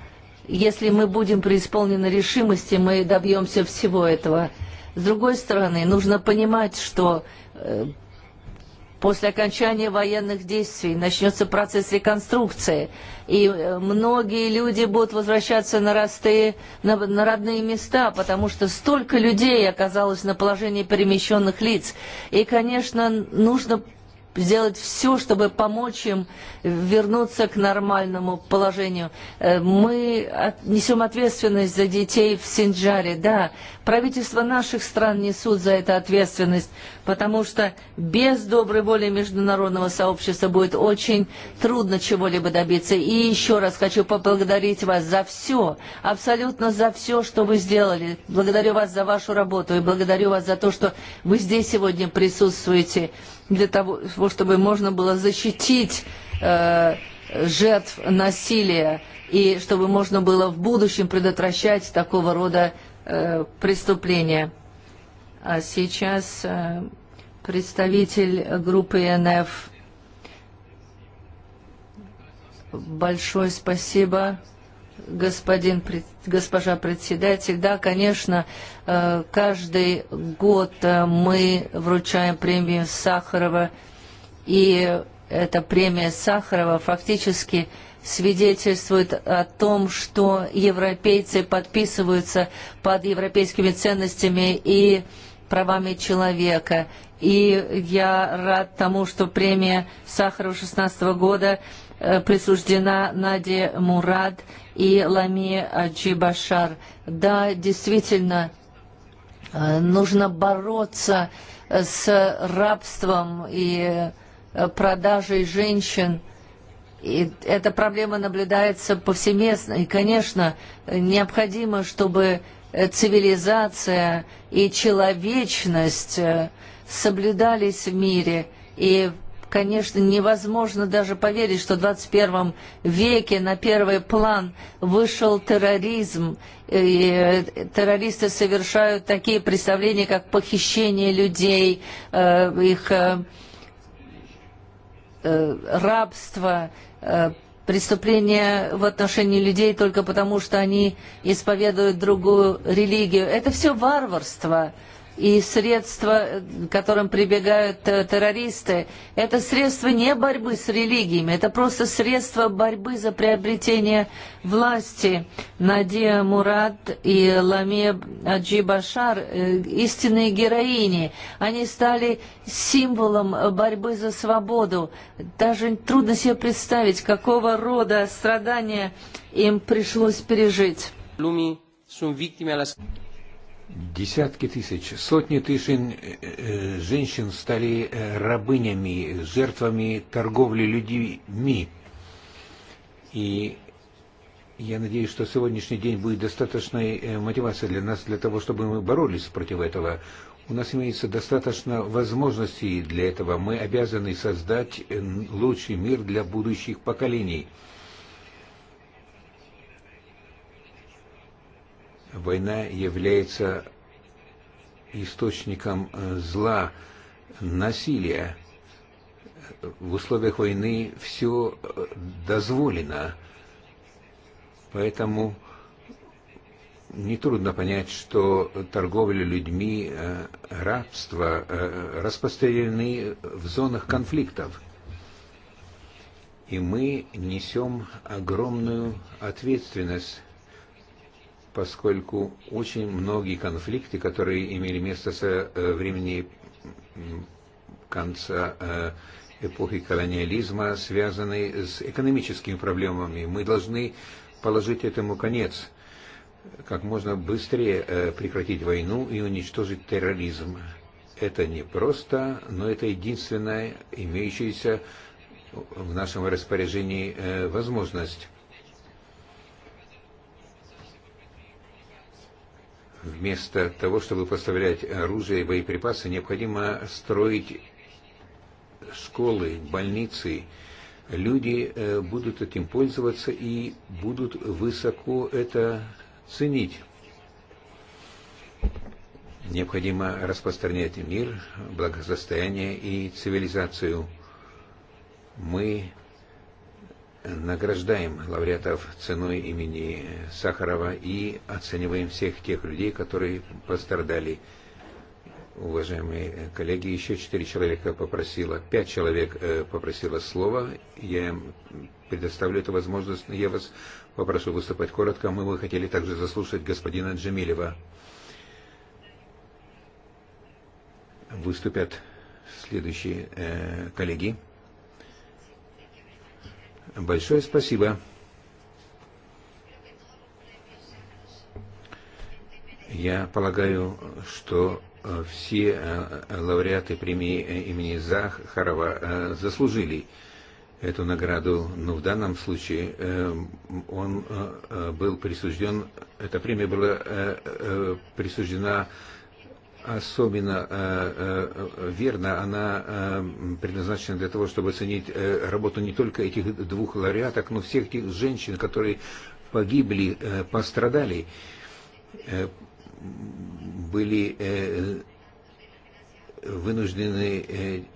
Speaker 8: если мы будем преисполнены решимости, мы добьемся всего этого. С другой стороны, нужно понимать, что э, после окончания военных действий начнется процесс реконструкции, и э, многие люди будут возвращаться на, ростые, на, на родные места, потому что столько людей оказалось на положении перемещенных лиц. И, конечно, нужно сделать все, чтобы помочь им вернуться к нормальному положению. Э, мы несем ответственность за детей в Синджаре, да. Правительства наших стран несут за это ответственность, потому что без доброй воли международного сообщества будет очень трудно чего-либо добиться. И еще раз хочу поблагодарить вас за все, абсолютно за все, что вы сделали. Благодарю вас за вашу работу и благодарю вас за то, что вы здесь сегодня присутствуете для того, чтобы можно было защитить э, жертв насилия и чтобы можно было в будущем предотвращать такого рода э, преступления. А сейчас э, представитель группы НФ. Большое спасибо господин, госпожа председатель. Да, конечно, э, каждый год э, мы вручаем премию Сахарова, и эта премия Сахарова фактически свидетельствует о том, что европейцы подписываются под европейскими ценностями и правами человека. И я рад тому, что премия Сахарова 2016 года э, присуждена Наде Мурад и Лами Чебашар. Да, действительно, нужно бороться с рабством и продажей женщин. И эта проблема наблюдается повсеместно. И, конечно, необходимо, чтобы э, цивилизация и человечность э, соблюдались в мире. И конечно, невозможно даже поверить, что в 21 веке на первый план вышел терроризм. И э, террористы совершают такие представления, как похищение людей, э, их э, рабство, преступления в отношении людей только потому, что они исповедуют другую религию. Это все варварство и средства, к которым прибегают э, террористы, это средства не борьбы с религиями, это просто средства борьбы за приобретение власти. Надия Мурат и Ламия Аджи Башар э, истинные героини. Они стали символом борьбы за свободу. Даже трудно себе представить, какого рода страдания им пришлось пережить.
Speaker 3: Десятки тысяч, сотни тысяч э, э, женщин стали э, рабынями, жертвами торговли людьми. И я надеюсь, что сегодняшний день будет достаточной мотивацией для нас, для того, чтобы мы боролись против этого. У нас имеется достаточно возможностей для этого. Мы обязаны создать лучший мир для будущих поколений. Война является источником э, зла, насилия. В условиях войны все э, дозволено. Поэтому нетрудно понять, что торговля людьми, э, рабство распространены в зонах конфликтов. И мы несем огромную ответственность поскольку очень многие конфликты, которые имели место со э, времени конца э, эпохи колониализма, связаны с экономическими проблемами. Мы должны положить этому конец, как можно быстрее э, прекратить войну и уничтожить терроризм. Это не просто, но это единственная имеющаяся в нашем распоряжении возможность Вместо того, чтобы поставлять оружие и боеприпасы, необходимо строить школы, больницы. Люди э, будут этим пользоваться и будут высоко это ценить. Необходимо распространять мир, благосостояние и цивилизацию. Мы награждаем лауреатов ценой имени Сахарова и оцениваем всех тех людей, которые пострадали. Уважаемые коллеги, еще четыре человека попросило, пять человек э, попросило слова. Я им предоставлю эту возможность. Я вас попрошу выступать коротко. Мы бы хотели также заслушать господина Джамилева. Выступят следующие э, коллеги. Большое спасибо. Я полагаю, что э, все э, э, лауреаты премии имени Захарова заслужили эту награду, но в данном случае он был присужден, эта премия была присуждена особенно э, э, верно, она э, предназначена для того, чтобы оценить работу не только этих двух лауреаток, но всех тех женщин, которые погибли, пострадали, были вынуждены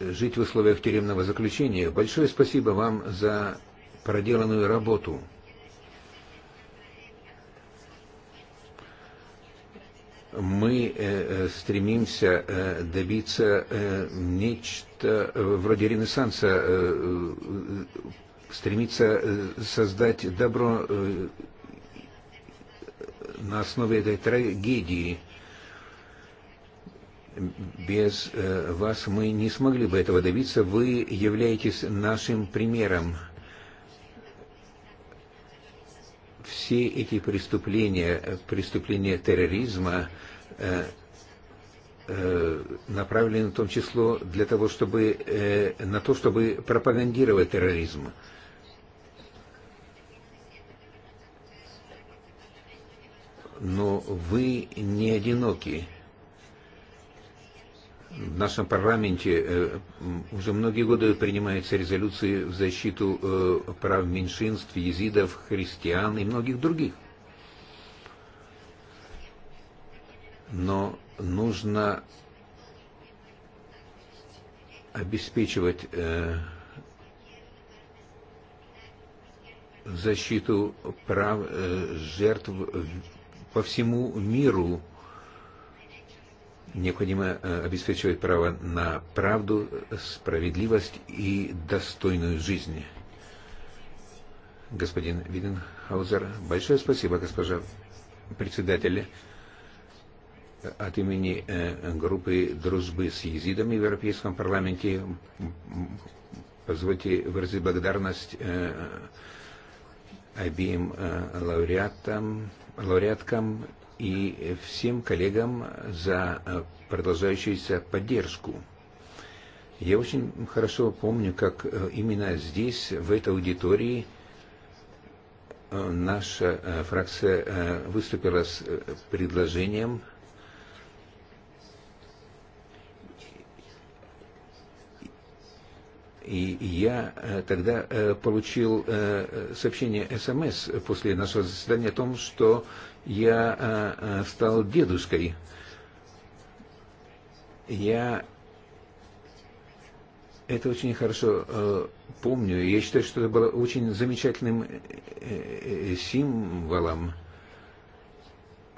Speaker 3: жить в условиях тюремного заключения. Большое спасибо вам за проделанную работу. мы э, э, стремимся э, добиться нечто вроде Ренессанса, стремиться создать добро на основе этой трагедии. Без вас мы не смогли бы этого добиться. Вы являетесь нашим примером. все эти преступления, преступления терроризма направлены в том числе для того, чтобы, на то, чтобы пропагандировать терроризм. Но вы не одиноки в нашем парламенте э, уже многие годы принимаются резолюции в защиту э, прав меньшинств, езидов, христиан и многих других. Но нужно обеспечивать э, защиту прав жертв по всему миру Необходимо э, обеспечивать право на правду, справедливость и достойную жизнь. Господин Виденхаузер, большое спасибо, госпожа председатель. От имени э, группы дружбы с езидами в Европейском парламенте позвольте выразить благодарность э, обеим лауреатам, лауреаткам и всем коллегам за э, продолжающуюся поддержку. Я очень хорошо помню, как э, именно здесь, в этой аудитории, э, наша фракция выступила с предложением И я тогда получил сообщение СМС после нашего заседания о том, что я стал дедушкой. Я это очень хорошо э, помню. Я считаю, что это было очень замечательным э, э символом,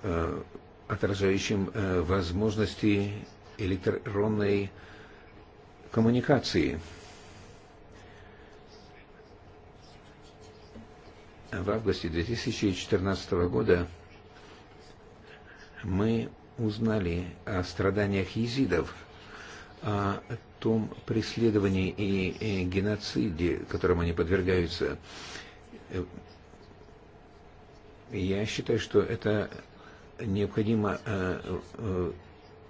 Speaker 3: э, отражающим э, возможности электронной коммуникации. В августе 2014 года мы узнали о страданиях езидов, о том преследовании и геноциде, которым они подвергаются. Я считаю, что это необходимо э, э,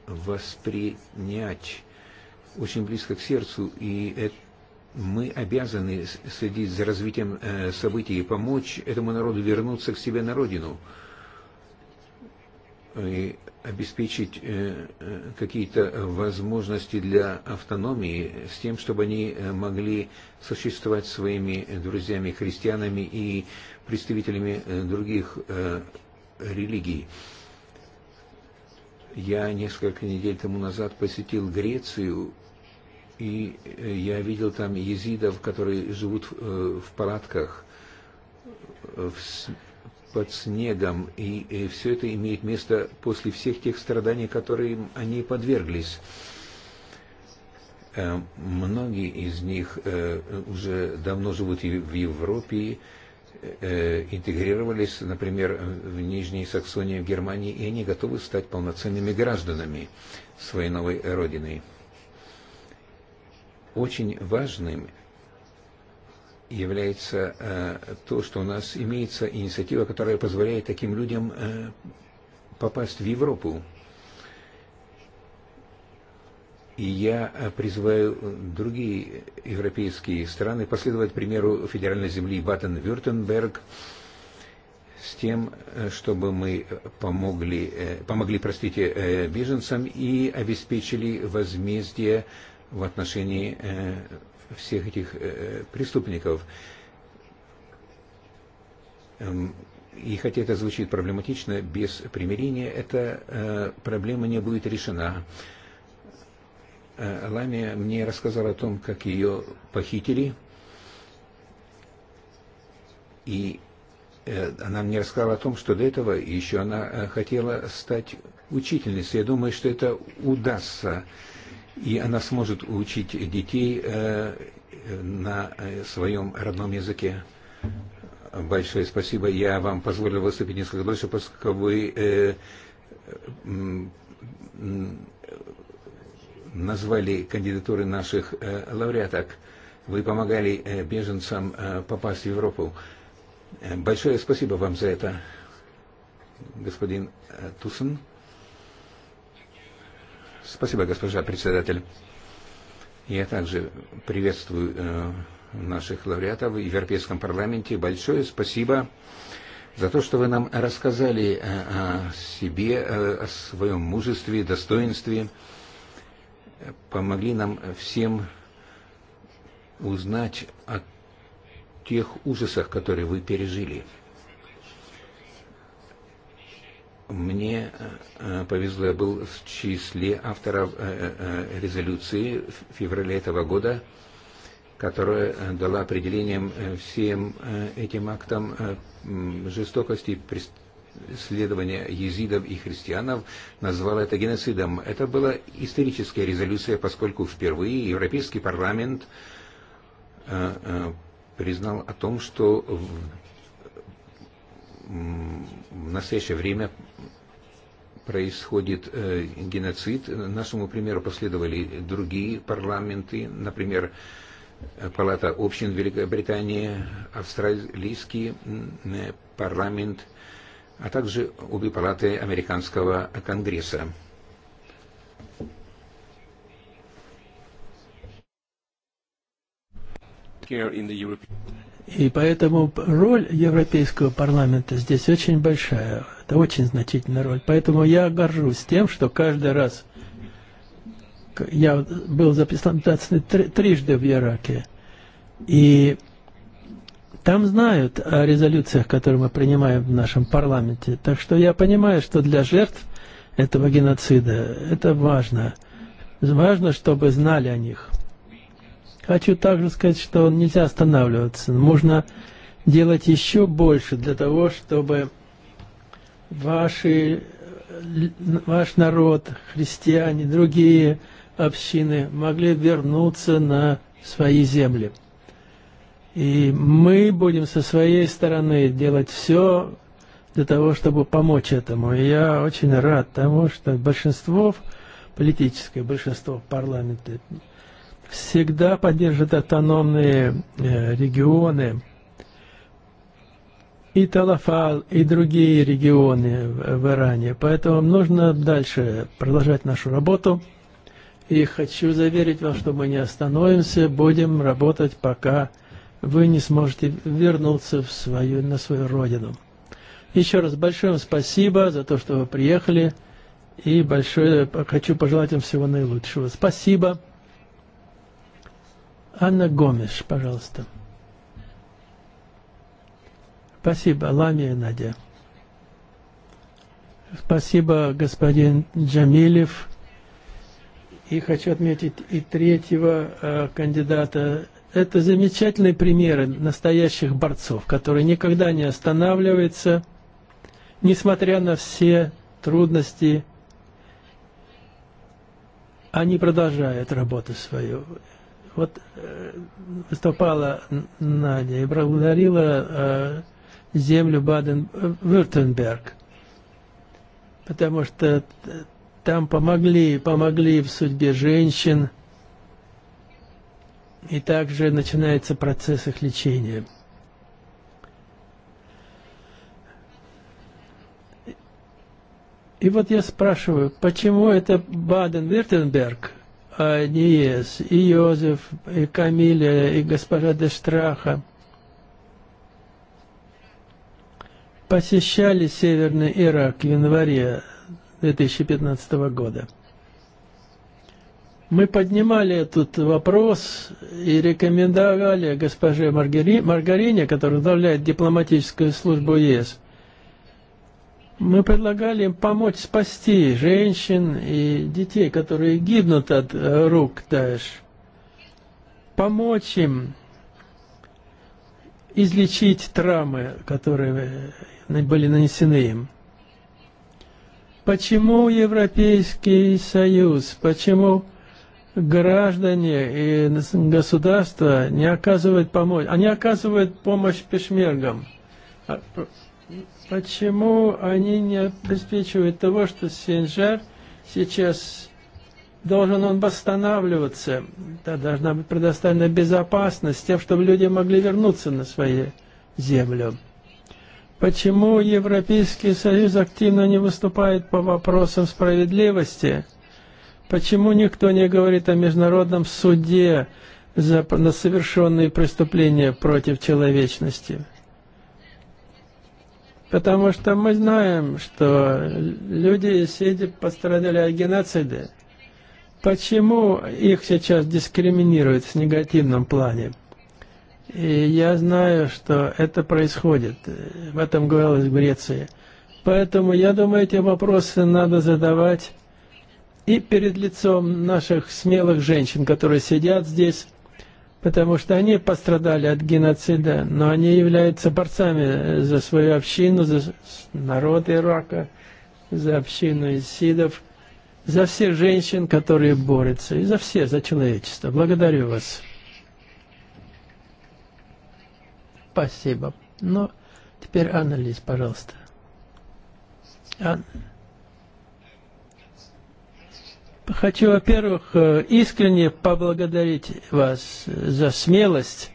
Speaker 3: воспринять очень близко к сердцу, и э, мы обязаны следить за развитием событий и помочь этому народу вернуться к себе на родину – и обеспечить э, э, какие-то возможности для автономии с тем, чтобы они э, могли существовать своими друзьями, христианами и представителями других религий. Я несколько недель тому назад посетил Грецию, и я видел там езидов, которые живут в палатках, в под снегом, и, и все это имеет место после всех тех страданий, которым они подверглись. Э, многие из них э, уже давно живут в Европе, э, интегрировались, например, в Нижней Саксонии, в Германии, и они готовы стать полноценными гражданами своей новой родины. Очень важным является э, то, что у нас имеется инициатива, которая позволяет таким людям э, попасть в Европу. И я э, призываю другие европейские страны последовать примеру федеральной земли Баттен-Вюртенберг с тем, чтобы мы помогли, помогли простите, беженцам и обеспечили возмездие в отношении всех этих э, преступников. И хотя это звучит проблематично, без примирения эта э, проблема не будет решена. Э, Ламия мне рассказала о том, как ее похитили, и она мне рассказала о том, что до этого еще она хотела стать учительницей. Я думаю, что это удастся и она сможет учить детей э, на э, своем родном языке. Большое спасибо. Я вам позволил выступить несколько дольше, поскольку вы э, назвали кандидатуры наших э, лауреаток. Вы помогали э, беженцам э, попасть в Европу. Э, большое спасибо вам за это, господин э, Спасибо, госпожа председатель. Я также приветствую э, наших лауреатов в Европейском парламенте. Большое спасибо за то, что вы нам рассказали э, о себе, э, о своем мужестве, достоинстве, помогли нам всем узнать о тех ужасах, которые вы пережили. Мне э, э, повезло, я был в числе авторов э, резолюции в феврале этого года, которая дала определение всем этим актам жестокости преследования езидов и христианов, назвала это геноцидом. Это была историческая резолюция, поскольку впервые Европейский парламент признал о том, что в в настоящее время происходит э, геноцид. Нашему примеру последовали другие парламенты, например, э, Палата общин Великобритании, австралийский э, парламент, а также обе палаты американского конгресса. Here in the European И поэтому
Speaker 6: роль Европейского парламента здесь очень большая. Это очень значительная роль. Поэтому я горжусь тем, что каждый раз я был записан трижды в Ираке. И там знают о резолюциях, которые мы принимаем в нашем парламенте. Так что я понимаю, что для жертв этого геноцида это важно. Важно, чтобы знали о них. Хочу также сказать, что нельзя останавливаться. Можно делать еще больше для того, чтобы ваши, ваш народ, христиане, другие общины могли вернуться на свои земли. И мы будем со своей стороны делать все для того, чтобы помочь этому. И я очень рад тому, что большинство, политическое большинство парламенте, всегда поддержит автономные э, регионы, и Талафал, и другие регионы в Иране. Поэтому нужно дальше продолжать нашу работу. И хочу заверить вас, что мы не остановимся, будем работать, пока вы не сможете вернуться в свою, на свою родину. Еще раз большое вам спасибо за то, что вы приехали, и большое хочу пожелать вам всего наилучшего. Спасибо. Анна Гомеш, пожалуйста. Спасибо, Ламия Надя. Спасибо, господин Джамилев. И хочу отметить и третьего э, кандидата. Это замечательные примеры настоящих борцов, которые никогда не останавливаются, несмотря на все трудности. Они продолжают работу свою вот э, выступала Надя и благодарила э, землю Баден-Вюртенберг, э, потому что там помогли, помогли в судьбе женщин, и также начинается процесс их лечения. И вот я спрашиваю, почему это Баден-Вюртенберг – Диес, и Йозеф, и Камилия, и госпожа Де Штраха посещали Северный Ирак в январе 2015 года. Мы поднимали этот вопрос и рекомендовали госпоже Маргарине, которая возглавляет дипломатическую службу ЕС, Мы предлагали им помочь спасти женщин и детей, которые гибнут от э, рук Даэш. Помочь им излечить травмы, которые э, были нанесены им. Почему Европейский Союз, почему граждане и государства не оказывают помощь? Они оказывают помощь пешмергам почему они не обеспечивают того, что Сенжар сейчас должен он восстанавливаться, да, должна быть предоставлена безопасность тем, чтобы люди могли вернуться на свою землю. Почему Европейский Союз активно не выступает по вопросам справедливости? Почему никто не говорит о международном суде за на совершенные преступления против человечности? Потому что мы знаем, что люди сиди пострадали от геноцида. Почему их сейчас дискриминируют в негативном плане? И я знаю, что это происходит. В этом говорилось в Греции. Поэтому, я думаю, эти вопросы надо задавать и перед лицом наших смелых женщин, которые сидят здесь, потому что они пострадали от геноцида, но они являются борцами за свою общину, за народ Ирака, за общину исидов, за всех женщин, которые борются, и за все, за человечество. Благодарю вас. Спасибо. Ну, теперь Анна Лиз, пожалуйста. Анна. Хочу, во-первых, э, искренне поблагодарить вас за смелость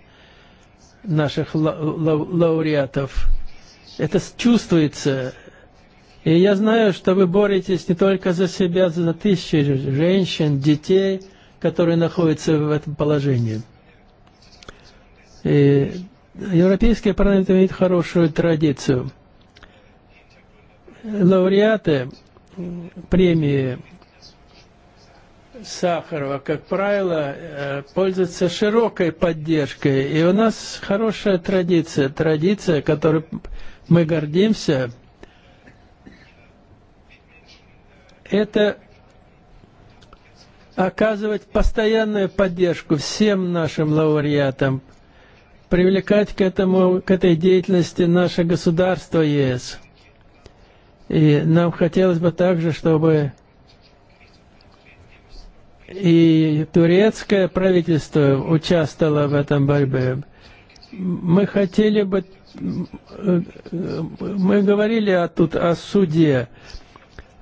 Speaker 6: наших ла ла лауреатов. Это чувствуется. И я знаю, что вы боретесь не только за себя, за тысячи женщин, детей, которые находятся в этом положении. И Европейский парламент имеет хорошую традицию. Лауреаты премии Сахарова, как правило, э, пользуется широкой поддержкой. И у нас хорошая традиция, традиция, которой мы гордимся, это оказывать постоянную поддержку всем нашим лауреатам, привлекать к, этому, к этой деятельности наше государство ЕС. И нам хотелось бы также, чтобы и турецкое правительство участвовало в этом борьбе. Мы хотели бы, мы говорили о, тут о суде.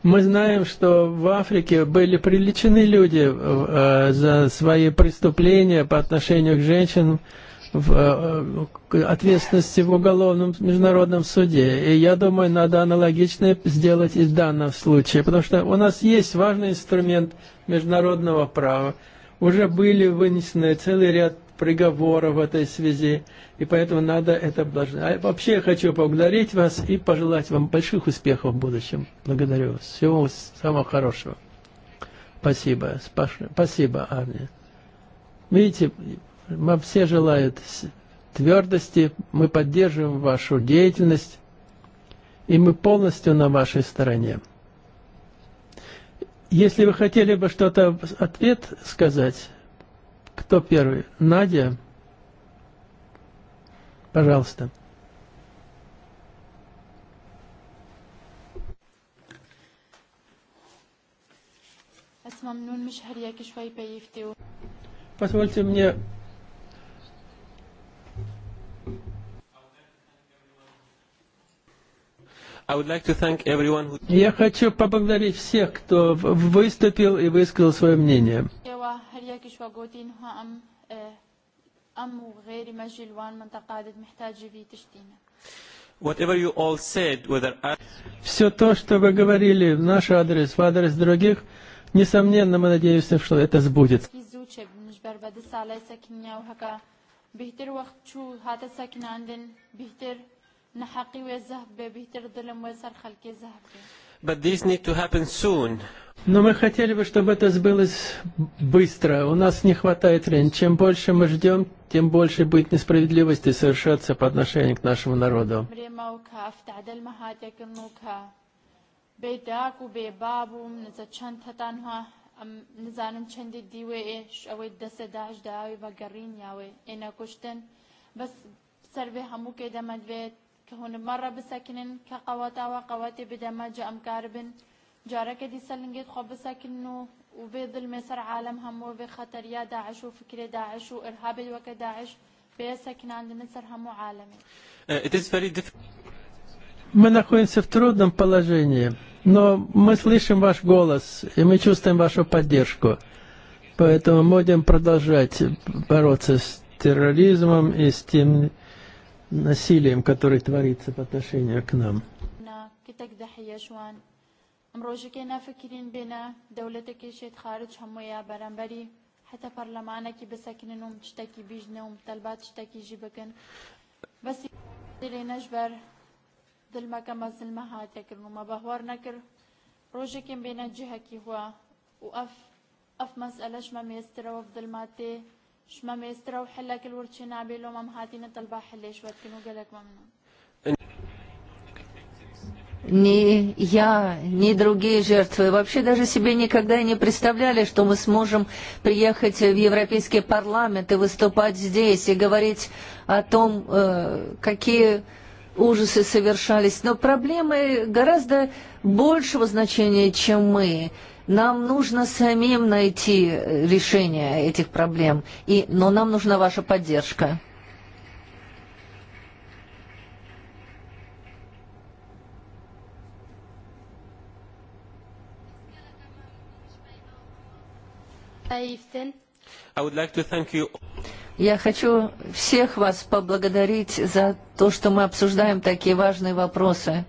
Speaker 6: Мы знаем, что в Африке были приличены люди э, за свои преступления по отношению к женщинам в э, ответственности в уголовном международном суде. И я думаю, надо аналогично сделать и в данном случае, потому что у нас есть важный инструмент международного права. Уже были вынесены целый ряд приговоров в этой связи, и поэтому надо это должно А вообще я хочу поблагодарить вас и пожелать вам больших успехов в будущем. Благодарю вас. Всего самого хорошего. Спасибо. Спасибо, Арни. Видите, Вам все желают твердости, мы поддерживаем вашу деятельность, и мы полностью на вашей стороне. Если вы хотели бы что-то ответ сказать, кто первый? Надя? Пожалуйста. Позвольте мне I would like to thank everyone who... Я хочу поблагодарить всех, кто выступил и высказал свое мнение. Whatever you all said, whether I... Все то, что вы говорили в наш адрес, в адрес других, несомненно, мы надеемся, что это сбудется. But this need to happen soon. Но мы хотели бы, чтобы это сбылось быстро. У нас не хватает времени. Чем больше мы ждем, тем больше будет несправедливости совершаться по отношению к нашему народу.
Speaker 7: بيداك وبيباب ونزتشان كهون مرة بسكنن كقواتا وقواتي بدما جا أمكاربن جارك دي سلنجيت خو بسكنو وبيض المصر عالم هم وفي خطر يا داعش وفكر داعش وإرهاب الوك داعش بيسكن عند مصر هم عالمي.
Speaker 6: Uh, it is very Мы находимся в трудном положении, но мы слышим ваш голос, и мы чувствуем вашу поддержку. Поэтому будем продолжать бороться с терроризмом и с тем, насилием, которое творится по отношению к нам.
Speaker 7: امڕۆژەکەنا فکرین بێنە دەولەتەکەشێت خارج هەموویە بەرەمبەری حتە پەرلەمانێکی بەسەکنن و شتێکی بیژنە و تەلبات شتێکیژی بکەن بەسی دێنەش بەر دلمەکە مەزلمە هاتێکردن و مە بەهوار نەکرد ڕۆژێکم بێنە جهەکی هوە و ئەف ئەف مەسئلەش مە مێسترەوە دلماتێ شما
Speaker 8: Ни я, ни другие жертвы вообще даже себе никогда не представляли, что мы сможем приехать в Европейский парламент и выступать здесь и говорить о том, э, какие ужасы совершались. Но проблемы гораздо большего значения, чем мы. Нам нужно самим найти э, решение этих проблем, и, но нам нужна ваша поддержка.
Speaker 3: I would like to thank you.
Speaker 8: Я хочу всех вас поблагодарить за то, что мы обсуждаем такие важные вопросы.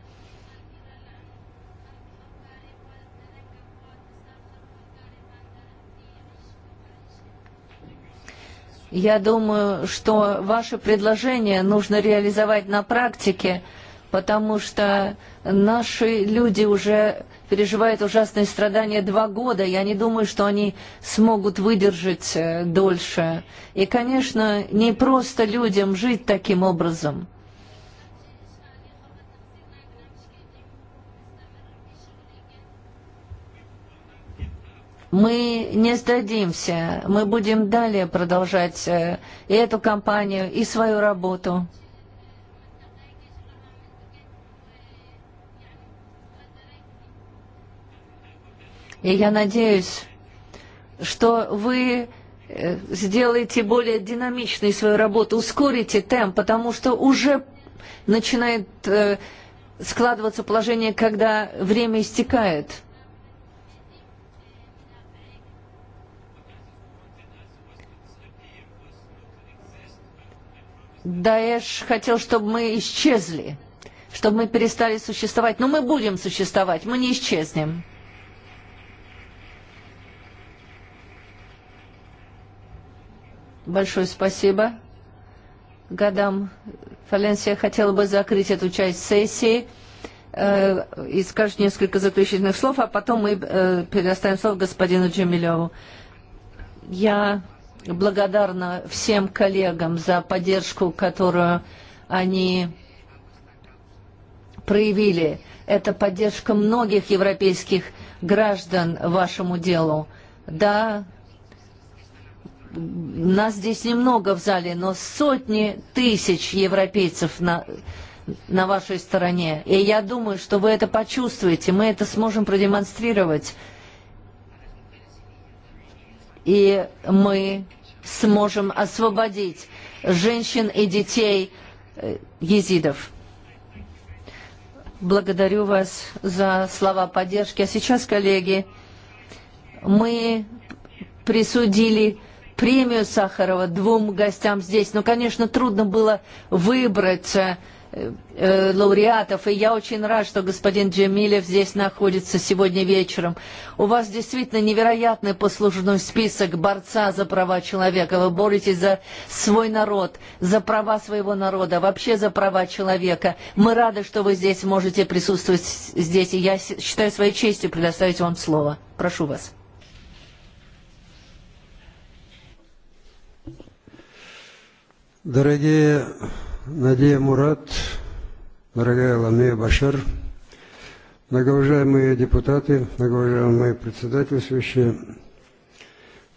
Speaker 8: Я думаю, что ваше предложение нужно реализовать на практике, потому что наши люди уже переживают ужасные страдания два года. Я не думаю, что они смогут выдержать э, дольше. И, конечно, не просто людям жить таким образом. Мы не сдадимся, мы будем далее продолжать э, и эту кампанию, и свою работу. И я надеюсь, что вы э, сделаете более динамичной свою работу, ускорите темп, потому что уже начинает э, складываться положение, когда время истекает. Даэш хотел, чтобы мы исчезли, чтобы мы перестали существовать. Но мы будем существовать, мы не исчезнем. Большое спасибо. Годам Фаленсия хотела бы закрыть эту часть сессии э, и скажет несколько заключительных слов, а потом мы э, предоставим слово господину Джемилеву. Я благодарна всем коллегам за поддержку, которую они проявили. Это поддержка многих европейских граждан вашему делу. Да, нас здесь немного в зале, но сотни тысяч европейцев на, на вашей стороне. И я думаю, что вы это почувствуете, мы это сможем продемонстрировать и мы сможем освободить женщин и детей э, езидов. Благодарю вас за слова поддержки. А сейчас, коллеги, мы присудили премию Сахарова двум гостям здесь. Но, конечно, трудно было выбрать э, э, лауреатов. И я очень рад, что господин Джемилев здесь находится сегодня вечером. У вас действительно невероятный послужной список борца за права человека. Вы боретесь за свой народ, за права своего народа, вообще за права человека. Мы рады, что вы здесь можете присутствовать здесь. И я считаю своей честью предоставить вам слово. Прошу вас.
Speaker 5: Дорогие Надея Мурат, дорогая Ламия Башар, многоуважаемые депутаты, многоуважаемые председательствующие,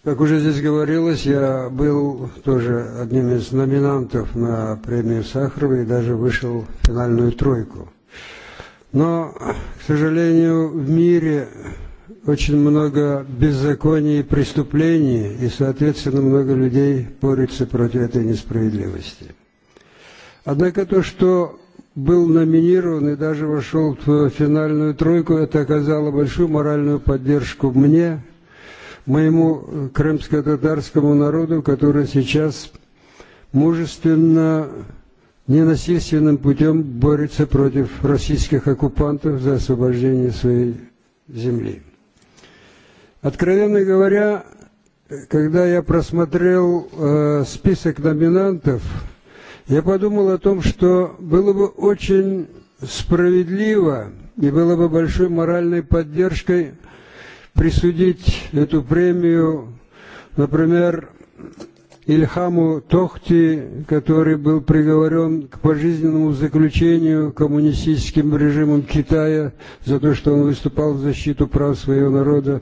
Speaker 5: как уже здесь говорилось, я был тоже одним из номинантов на премию Сахарова и даже вышел в финальную тройку. Но, к сожалению, в мире очень много беззаконий и преступлений, и, соответственно, много людей борется против этой несправедливости. Однако то, что был номинирован и даже вошел в финальную тройку, это оказало большую моральную поддержку мне, моему крымско-татарскому народу, который сейчас мужественно, ненасильственным путем борется против российских оккупантов за освобождение своей земли. Откровенно говоря, когда я просмотрел э, список номинантов, я подумал о том, что было бы очень справедливо и было бы большой моральной поддержкой присудить эту премию, например, Ильхаму Тохти, который был приговорен к пожизненному заключению коммунистическим режимом Китая за то, что он выступал в защиту прав своего народа,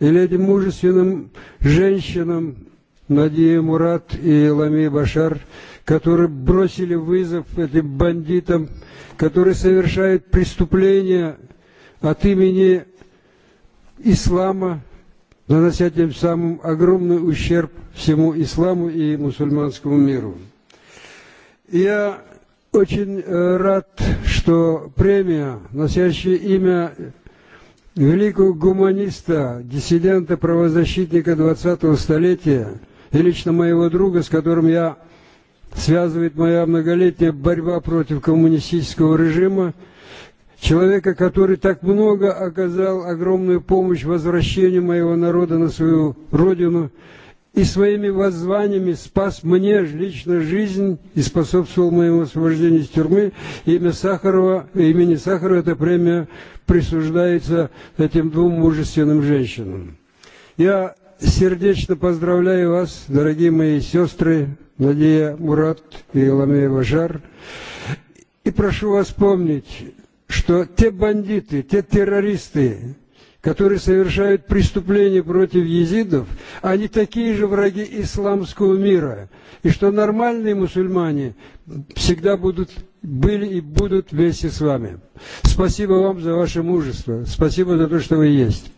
Speaker 5: или этим мужественным женщинам Надия Мурат и Лами Башар, которые бросили вызов этим бандитам, которые совершают преступления от имени ислама, нанося тем самым огромный ущерб всему исламу и мусульманскому миру. Я очень э, рад, что премия, носящая имя великого гуманиста, диссидента, правозащитника 20-го столетия и лично моего друга, с которым я связывает моя многолетняя борьба против коммунистического режима, человека, который так много оказал огромную помощь возвращению моего народа на свою родину и своими воззваниями спас мне лично жизнь и способствовал моему освобождению из тюрьмы. Имя Сахарова, имени Сахарова эта премия присуждается этим двум мужественным женщинам. Я сердечно поздравляю вас, дорогие мои сестры Надея Мурат и Ламея Вашар, И прошу вас помнить, что те бандиты, те террористы, которые совершают преступления против езидов, они такие же враги исламского мира, и что нормальные мусульмане всегда будут, были и будут вместе с вами. Спасибо вам за ваше мужество, спасибо за то, что вы есть.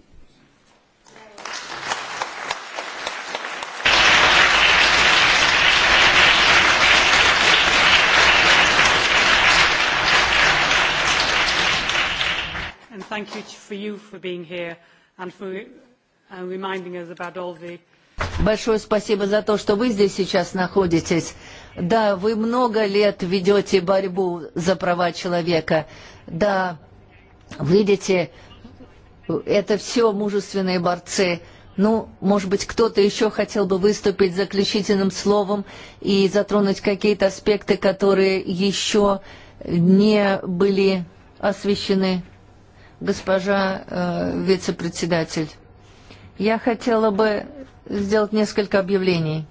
Speaker 1: thank you for you for being here and for uh, reminding us about all the
Speaker 8: Большое спасибо за то, что вы здесь сейчас находитесь. Да, вы много лет ведете борьбу за права человека. Да, видите, это все мужественные борцы. Ну, может быть, кто-то еще хотел бы выступить заключительным словом и затронуть какие-то аспекты, которые еще не были освещены госпожа э, вице-председатель. Я хотела бы сделать несколько объявлений.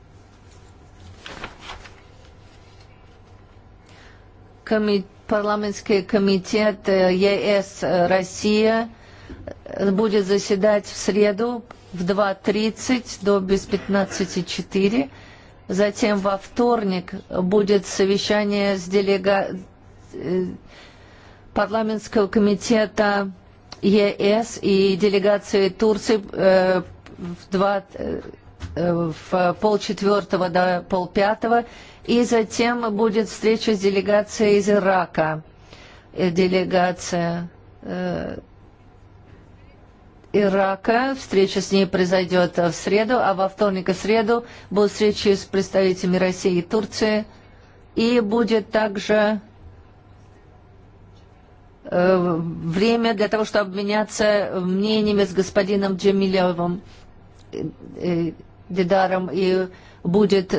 Speaker 8: Коми парламентский комитет э, ЕС Россия э, будет заседать в среду в 2.30 до без 15.4. Затем во вторник будет совещание с делегацией э, парламентского комитета ЕС и делегации Турции э, в, два, э, в полчетвертого до полпятого, и затем будет встреча с делегацией из Ирака. Делегация э, Ирака. Встреча с ней произойдет в среду, а во вторник и среду будут встречи с представителями России и Турции. И будет также Э, время для того, чтобы обменяться мнениями с господином Джемилевым э, э, Дидаром, и будет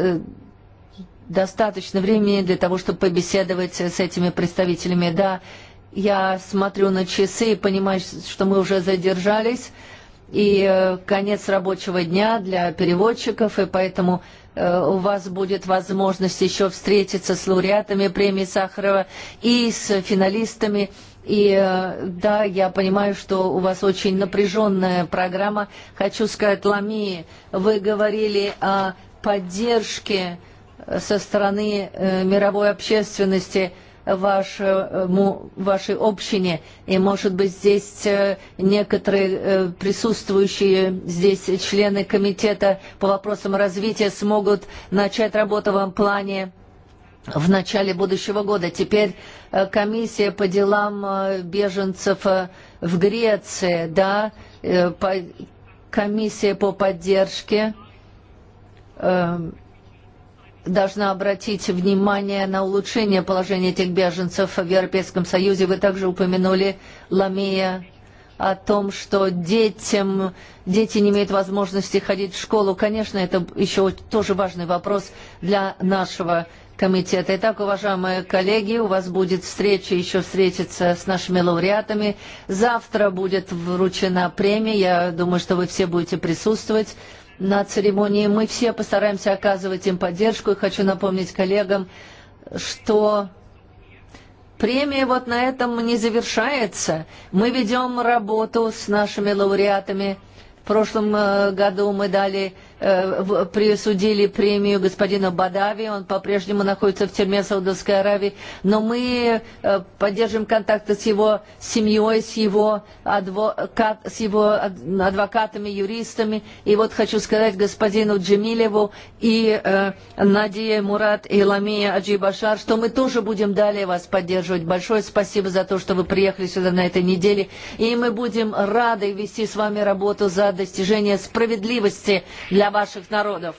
Speaker 8: достаточно времени для того, чтобы побеседовать с этими представителями. Да, я смотрю на часы и понимаю, что мы уже задержались, и конец рабочего дня для переводчиков, и поэтому у вас будет возможность еще встретиться с лауреатами премии Сахарова и с финалистами И э, да, я понимаю, что у вас очень напряженная программа. Хочу сказать, Лами, вы говорили о поддержке со стороны э, мировой общественности вашему, вашей общине. И, может быть, здесь э, некоторые присутствующие здесь члены комитета по вопросам развития смогут начать работу в плане в начале будущего года. Теперь э, комиссия по делам э, беженцев э, в Греции, да, комиссия по поддержке должна обратить внимание на улучшение положения этих беженцев в Европейском Союзе. Вы также упомянули Ламия о том, что детям, дети не имеют возможности ходить в школу. Конечно, это еще тоже важный вопрос для нашего комитета. Итак, уважаемые коллеги, у вас будет встреча, еще встретиться с нашими лауреатами. Завтра будет вручена премия. Я думаю, что вы все будете присутствовать на церемонии. Мы все постараемся оказывать им поддержку. И хочу напомнить коллегам, что премия вот на этом не завершается. Мы ведем работу с нашими лауреатами. В прошлом э, году мы дали Э, присудили премию господину Бадави, он по-прежнему находится в тюрьме Саудовской Аравии, но мы э, поддержим контакты с его семьей, с его, адвокат, с его адвокатами, юристами. И вот хочу сказать господину Джемилеву и э, Надие Мурат и Ламия Аджибашар, что мы тоже будем далее вас поддерживать. Большое спасибо за то, что вы приехали сюда на этой неделе. И мы будем рады вести с вами работу за достижение справедливости для для ваших народов.